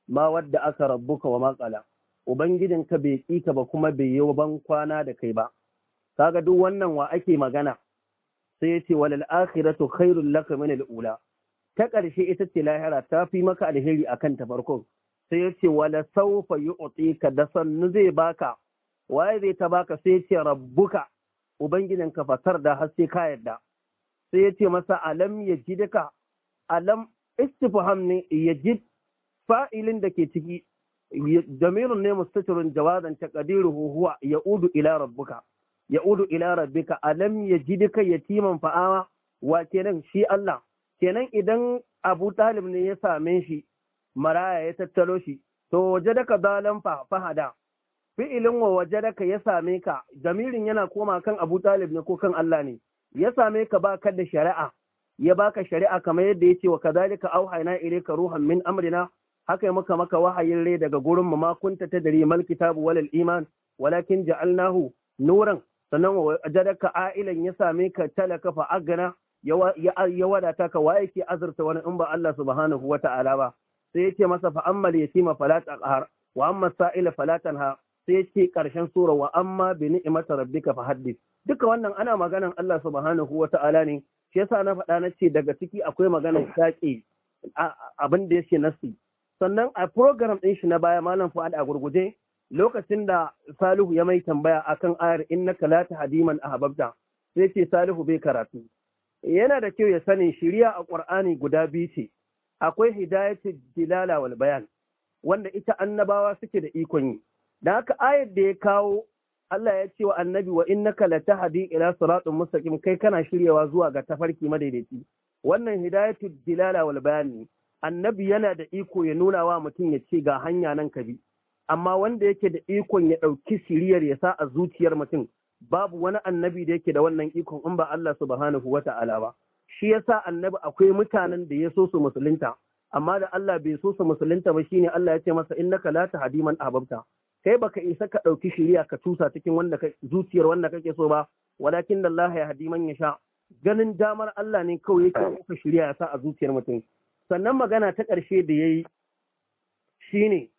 ma wadda aka rabbuka wa matsala ka bai ƙi ka ba kuma bai yi ban kwana da kai ba kaga duk wannan wa ake magana sai ya ce walal akhiratu khairul laka mini al ta ƙarshe ita ce lahira ta fi maka alheri a kan ta farko sai ya ce yi saufa yu'tika da sannu zai baka waye zai ta baka sai ya ce rabbuka ubangijinka fasar da har ka yarda sai ya ce masa alam ya ji duka. alam istifham ne ji. fa'ilin da ke ciki jamilun ne mustatirun jawazan taqdiruhu huwa ya'udu ila rabbuka ya'udu ila rabbika alam ya ji ya timan fa'awa wa kenan shi Allah kenan idan Abu Talib ne ya same shi maraya ya tattalo shi to daka zalan fa fahada fi'ilin wa daka ya same ka jamilin yana koma kan Abu Talib ne ko kan Allah ne ya same ka ba da shari'a ya baka shari'a kamar yadda ya ce wa kazalika auhayna ilayka ruhan min amrina haka muka maka wahayin rai daga gurin mu ta ta tadri mal kitabu walal iman walakin ja'alnahu nuran sannan wajadaka ailan ya same ka talaka fa agana ya wadata ka waye ke azurta wani in ba Allah subhanahu wa ta'ala ba sai yake masa fa ammal yatima fala taqhar wa amma sa'ila fala tanha sai yake karshen sura wa amma bi ni'mati rabbika fa haddith duka wannan ana maganan Allah subhanahu wa ne shi yasa na faɗa na ce daga ciki akwai maganar shaƙi abin da yake nasi sannan a program ɗin shi na baya malam fuad a gurguje lokacin da salihu ya mai tambaya akan ayar in innaka la tahdiman ahbabta sai ce salihu bai karatu yana da kyau ya sani shiriya a qur'ani guda biyu ce akwai hidayatu dilala wal bayan wanda ita annabawa suke da ikon yi da haka ayar da ya kawo Allah ya ce wa annabi wa innaka la tahdi ila siratin mustaqim kai kana shiryawa zuwa ga tafarki madaidaici wannan hidayatu dilala wal bayan ne annabi yana da iko ya nuna wa mutum ya ce ga hanya nan ka bi amma wanda yake da ikon ya ɗauki siriyar ya sa a zuciyar mutum babu wani annabi da yake da wannan ikon in ba Allah subhanahu wa ta'ala ba shi yasa annabi akwai mutanen da ya so su musulunta amma da Allah bai so su musulunta ba shine Allah ya ce masa innaka la tahdi man ahbabta kai baka isa ka ɗauki shiriya ka tusa cikin wanda zuciyar wanda kake so ba walakin Allah ya hadi man yasha ganin damar Allah ne kawai yake ka shiriya ya sa a zuciyar mutum sannan magana ta ƙarshe da ya yi shi ne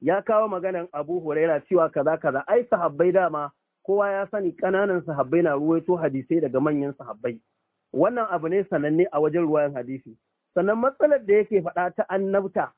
ya kawo maganan abu huraira cewa kaza kaza ai sahabbai dama kowa ya sani ƙananan sahabbai na ruwaito hadisai daga manyan sahabbai wannan abu ne sananne a wajen ruwayan hadisi sannan matsalar da yake faɗa ta annabta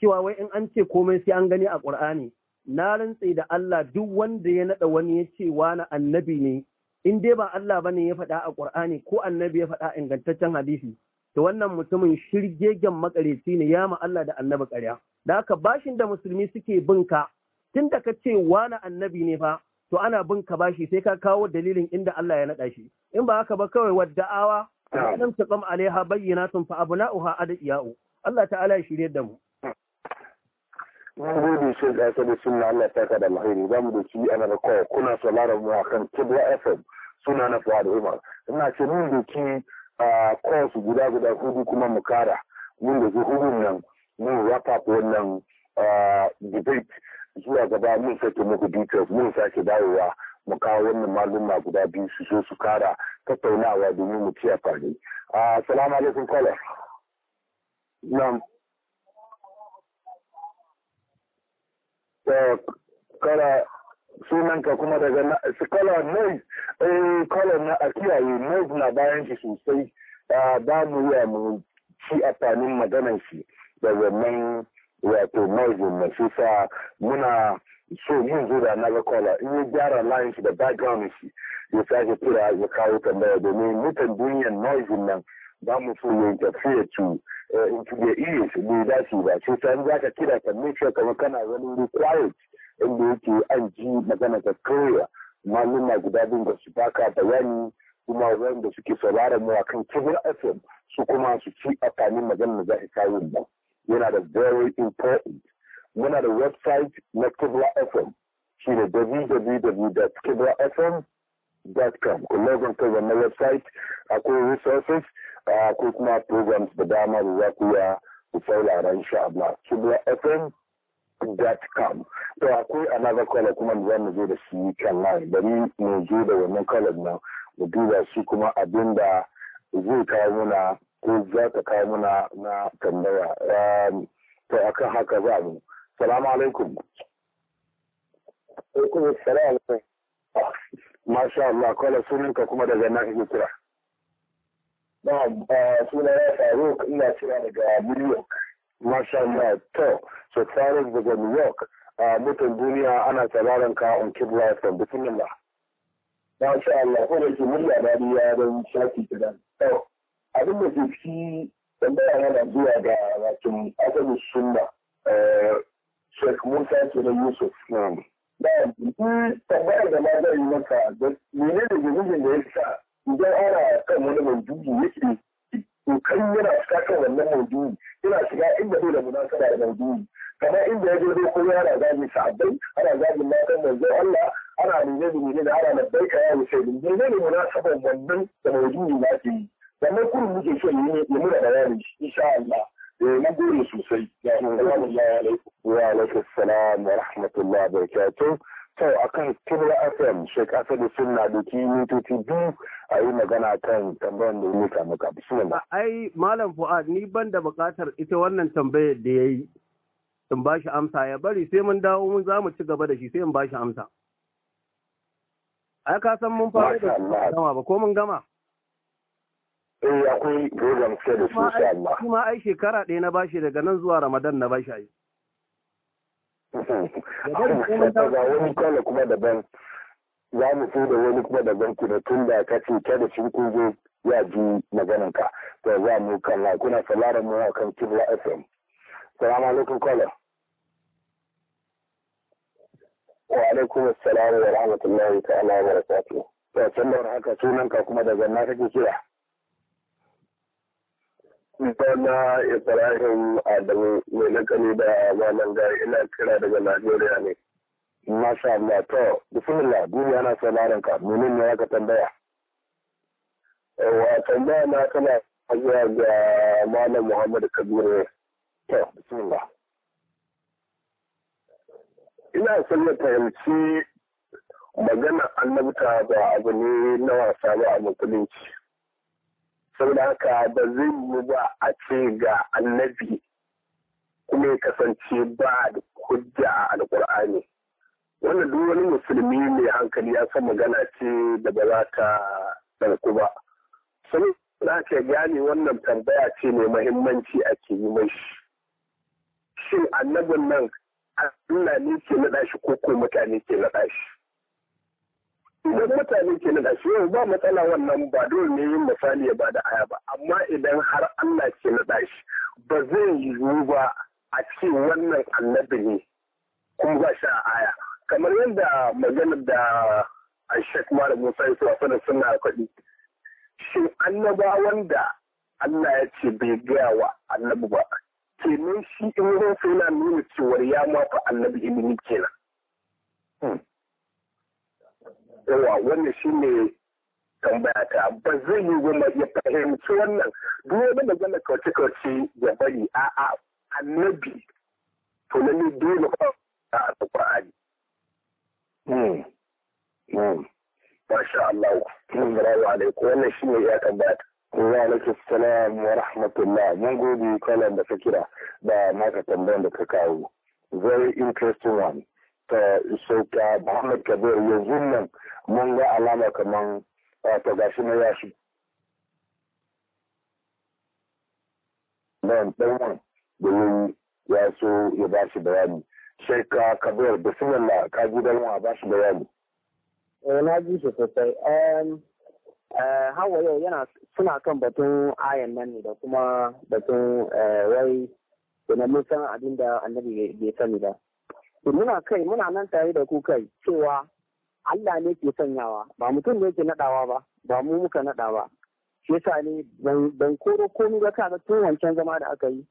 cewa wai in an ce komai sai an gani a ƙur'ani na rantse da Allah duk wanda ya naɗa wani ya ce wani annabi ne in dai ba Allah ba ne ya faɗa a ƙur'ani ko annabi ya faɗa ingantaccen hadisi to wannan mutumin shirgegen makareci ne ya ma Allah da annabi ƙarya da haka bashin da musulmi suke binka tun da ka ce wani annabi ne fa to ana binka bashi sai ka kawo dalilin inda Allah ya naɗa shi in ba haka ba kawai wadda'awa ta tsam alaiha bayyinatun fa abna'uha iya'u. Allah ta'ala ya shirye da mu mun gode shi da aka da sunna Allah ta kada alheri za mu doki ana da kuna sauraron mu akan Kibla FM suna na Fuad Umar ina ce mun doki a kowasu guda guda hudu kuma mu kara mun su hudun nan mun wrap up wannan debate zuwa gaba mun sake muku details mun sake dawowa mu kawo wannan maluma guda biyu su so su kara tattaunawa domin mu ciya fari. Assalamu alaikum kwallo. Nam. Kara eh, sunanka kuma daga color noise eh color na a kiyaye noise na bayan shi sosai ah, ba mu yi mu ci amfanin maganar shi da wannan wato noise na shi sa muna so yin zura na ga kola in yi gyara layin shi da background shi ya sake kira ya kawo tambaya domin mutan duniyar noise nan ba mu so ya interfere to eh, into their ears da dace ba shi sa in za ka kira ka make sure kamar kana wani quiet inda yake an ji magana ta kawai maluma guda biyu da su baka bayani kuma wanda suke sauraron mu akan kibir fm su kuma su ci amfanin maganar da za su kawo mu yana da very important muna da website na kibir fm shi ne www.kibrafm.com ku logon kai wannan website akwai resources akwai kuma programs da dama da za ku ya ku saurara sha Allah kibir fm com to akwai another color kuma da zamu zo da shi kan nan bari mu zo da wannan color nan mu duba shi kuma abin da zai kawo muna ko za ta kawo muna na tambaya um, to akan haka za mu salamu alaikum alaikum salam masha Allah kola sunanka kuma daga nan kira na uh, suna ya faru ina kira daga New York masha Allah to So Tariq daga New York, mutum duniya ana sauraron ka on Kid Life from Bismillah. Masha Allah, ko da ke murya daɗi ya don shafi kiran. Abin da ke fi tambaya yana zuwa ga wato asali sunna. Eh, Sheikh Musa ke da Yusuf. Da tambaya da ma zai yi maka, mene da gudun da ya sa idan ana kan wani mai dubu yake kokarin yana fita kan wannan maudu'i yana shiga inda bai da munasaba da maudu'i kamar inda ya je dai ko yana zagin sa'abai ana zagin matan manzon Allah ana nune da nune da ana labbaika ya wuce din dai ne munasaban wannan da maudu'i na ke yi wannan kurin muke so yi ne mu da bayani insha Allah eh mun gode sosai ya alaikum wa alaikum assalam wa rahmatullahi wa barakatuh Kyau a kan Kibla FM Sheikh da sun na doki mintoci biyu a yi magana kan tambayar da ya samu ka bismillah. Ai Malam Fu'ad ni ban da buƙatar ita wannan tambayar da ya yi. In ba shi amsa ya bari sai mun dawo mun za mu ci gaba da shi sai in ba shi amsa. Ai ka san mun fara da gama ba ko mun gama. Eh akwai program sai da su sai Allah. Kuma ai shekara ɗaya na bashi daga nan zuwa Ramadan na bashi ai. wani kwana kuma daban za mu so da wani kuma daban kuna tun da ka ce kada shi kun zo ya ji maganan ka to za mu kan kuna sauraron mu akan kibla fm salamu alaikum kwallon alaikum assalam wa rahmatullahi ta'ala wa barakatuh to sallar haka sunanka kuma daga na kake kira Bana Ibrahim Adamu mai nakali da malam gari ina kira daga Najeriya ne. Masha Allah to bismillah duniya na sauraron ka menene ne ya ka tambaya? Wa tambaya na kana zuwa ga malam Muhammad Kabiru. To bismillah. Ina son na fahimci magana annabta ba abu ne na wasa ba a musulunci. saboda haka ba zai yi ba a ce ga annabi kuma ya kasance ba da hujja a alkur'ani wanda duk wani musulmi mai hankali ya san magana ce da ba za ta ɗauku ba saboda haka gane wannan tambaya ce mai mahimmanci ke yi mai shin annabin nan Allah ne ke naɗa shi ko ko mutane ke naɗa shi Idan mutane ke naɗa ashe yau ba matsala wannan ba dole ne yin misali ya bada aya ba amma idan har Allah ke naɗa shi ba zai yiwu ba a ce wannan annabi ne kuma ba shi a aya kamar yadda maganar da Ashek Mara Musa ya tuwa sanin suna kwaɗi shin annabawan da Allah ya ce bai gaya wa annabi ba kenan shi in ruwan sai na nuna cewar ya mafi annabi ilimi kenan. Hmm. yawa wannan shine tambaya ta ba zai yi goma ya fahimci wannan duk wani magana kawace-kawace ya bari a annabi to lalle dole fa a alqur'ani mm mm masha Allah assalamu alaikum wannan shine ya tambaya ta wa alaikum salam wa rahmatullah mun gode kalan da ka kira da naka tambayar da ka kawo very interesting one ta eh, sauka muhammad kabir yanzu nan mun ga alama kaman eh, ta gashi na yashi nan ɗanwan da ya ya so ya ba shi bayani sai ka kabir da sunanla ka ji da ba bayani eh, na ji shi sosai um, hawa yau yana suna kan batun ayan nan ne da kuma batun wai da mun san abin da annabi bai sani ba to muna kai muna nan tare da ku kai cewa Allah ne ke sanyawa ba mutum ne ke nadawa ba ba mu muka nada ba shi yasa ne ban koro komai ba kaga tun wancan zama da aka yi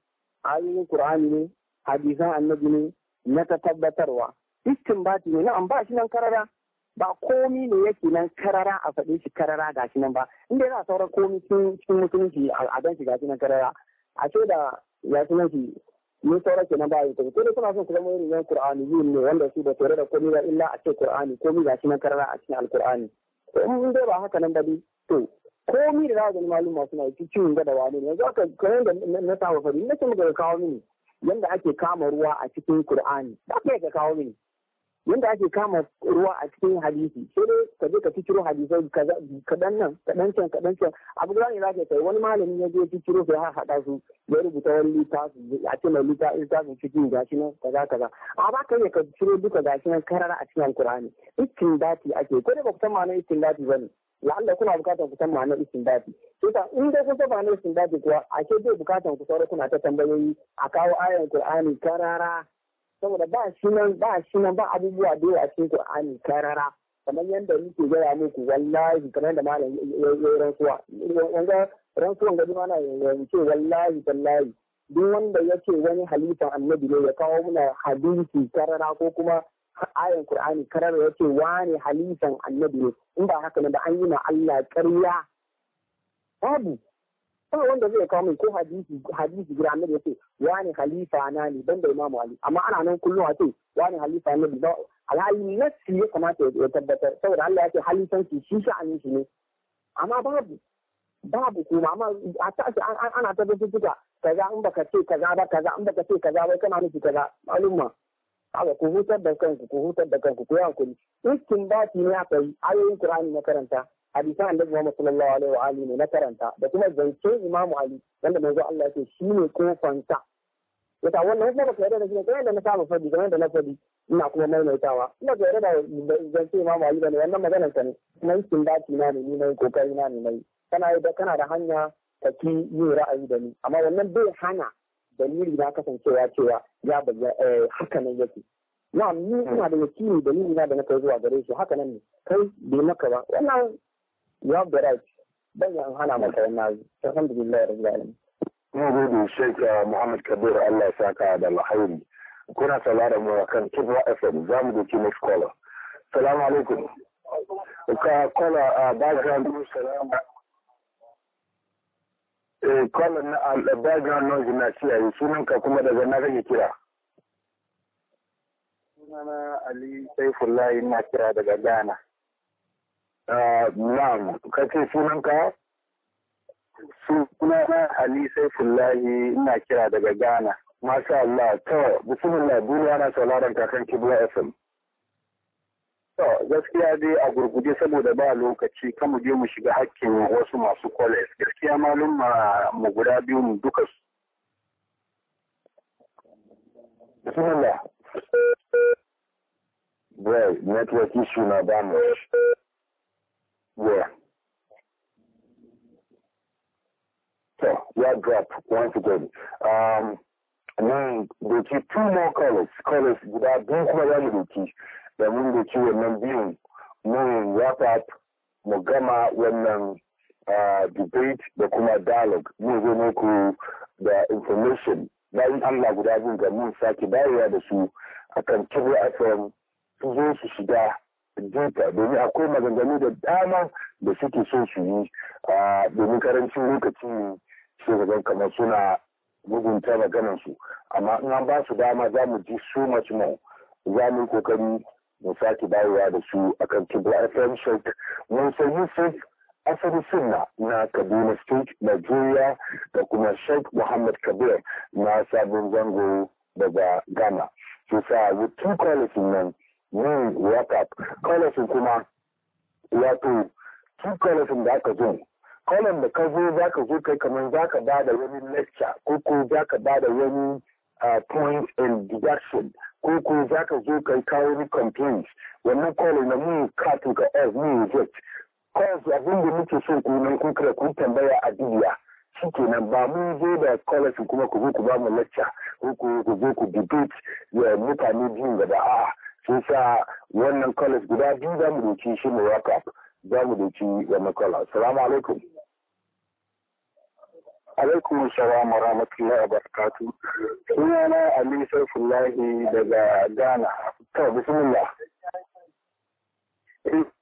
ayoyin Qur'ani ne hadisan annabi ne na ta tabbatarwa istinbati ne na'am ba shi nan karara ba komi ne yake nan karara a faɗe shi karara ga shi nan ba inda yana sauran komi cikin musulunci a gan shi ga shi nan karara a ce da ya shi mun saura kenan ba ta komai sai dai suna son su zama irin yan qur'ani ne wanda su da tare da komai ba illa a ce qur'ani komai ga shi na karara a cikin alqur'ani to in dai ba haka nan ba dai to komai da za ga maluma suna yi ciwon gada wani ne yanzu aka kamar da na saba fari na ce muka kawo mini yanda ake kama ruwa a cikin qur'ani da ka kawo mini yanda ake kama ruwa a cikin hadisi sai dai ka je ka cikiro hadisai kaɗan nan kaɗan can kaɗan can abu da ne zaka kai wani malami ya je cikiro sai har haɗa su ya rubuta wani littafi a ce mai littafi su cikin gashi nan kaza kaza ba ka ne ka ciro duka gashi nan karara a cikin alkur'ani ikin dati ake ko ne ba ku san ma'anar ikin dati ba ne la'alla kuna bukatar ku san ma'anar ikin dati sai ta in dai kun san ma'anar ikin dati kuwa ashe dai bukatar ku saura kuna ta tambayoyi a kawo ayan qur'ani karara saboda ba shi nan ba sunan ba abubuwa da yawa cikin ani karara kamar yadda muke gaya muku wallahi kamar da malam ya yi rantsuwa yanzu rantsuwan gani na yanzu wallahi tallahi duk wanda ya ce wani halifan annabi ne ya kawo muna hadisi karara ko kuma ayan Qur'ani karara ya ce wani halifan annabi ne in ba haka ne ba an yi ma Allah karya. babu kuma wanda zai kawo mai ko hadisi hadisi gida annabi ya ce wani halifa na ne ban da imamu ali amma ana nan kullum a ce wani halifa na ne alhali nassi ya kamata ya tabbatar saboda Allah ya ce su shi sha'anin shi ne amma babu babu kuma amma a ta ana ta suka kaza in baka ce kaza ba kaza in baka ce kaza ba kana nufi kaza malumma haka ku hutar da kanku ku hutar da kanku ku yi hankali iskin baki ne a kai ayoyin kurani na karanta hadisan annabi Muhammad sallallahu alaihi wa alihi na karanta da kuma zance Imam Ali wanda manzo Allah yake shine kofansa yata wannan kuma baka yarda da shi kamar da na saba fadi kamar da na fadi ina kuma maimaitawa ina ga yarda da zance Imam Ali bane wannan maganar ta ne nan kin dace na ne ni nan kokari na ne nayi kana da kana da hanya ka ki yi ra'ayi da ni amma wannan bai hana dalili na kasancewa cewa ya bayyana eh, haka nan yake na ni ina da yakini dalili na da na kai zuwa gare shi haka nan ne kai bai maka ba wannan you have the right ban yan hana maka yana alhamdulillah rabbil alamin mun gode Sheikh uh, Muhammad Kabir Allah ya saka da alkhairi kuna sauraron mu kan Kibra FM zamu doki next caller assalamu alaikum ka caller a uh, background salam eh caller na uh, background noise na ciyayi sunan ka kuma daga na kake kira sunana Ali Saifullahi na kira daga Ghana Na'am, kace Suna na sai Saifullahi ina kira daga Ghana. Masha Allah, to bismillah duniya na sauraron kakan Kibla FM. To gaskiya dai a gurguje saboda ba lokaci kan mu je mu shiga hakkin wasu masu college. Gaskiya malum mu guda biyu mu duka su. Bismillah. Boy, network issue na damage. that drop once again. Um, they doki two more colors, colors guda biyu kuma za mu doki da mun doki wannan biyun mun wrap up mu gama wannan uh, debate da kuma dialogue mun zo muku da information bayan Allah guda biyu ga mun sake bayarwa da su akan Kibra FM su zo su shiga jinta domin akwai maganganu da dama da suke so su yi the uh, karancin lokaci ne shugaban kamar suna mugunta maganar su amma in an ba su dama za mu ji so much more za mu yi kokari mu sake dawowa da su akan a fm sheik mun san yusuf asali sunna na kaduna state nigeria da kuma shek muhammad kabir na sabon zango daga ghana su sa wutu kwalifin nan yin wakaf kwalifin kuma wato su kwalifin da aka zo kolon da ka zo za ka zo kai kamar za ka ba da wani lecture ko ko za ka ba da wani point and deduction ko ko za ka zo kai kawo ni complaints wannan kolon na mu katin ka f mu reject cause abin da muke so ku nan kun kira kun tambaya a shi shikenan ba mu zo da scholarship kuma ku zo ku ba mu lecture ko ku zo ku debate mutane biyu gaba a'a sun sa wannan college guda biyu za mu roki shi mu wrap up za mu doki wannan kwala. Salamu alaikum. alaikum salam wa rahmatullahi wa barakatu suna na ali saifullahi daga ghana to bismillah eh,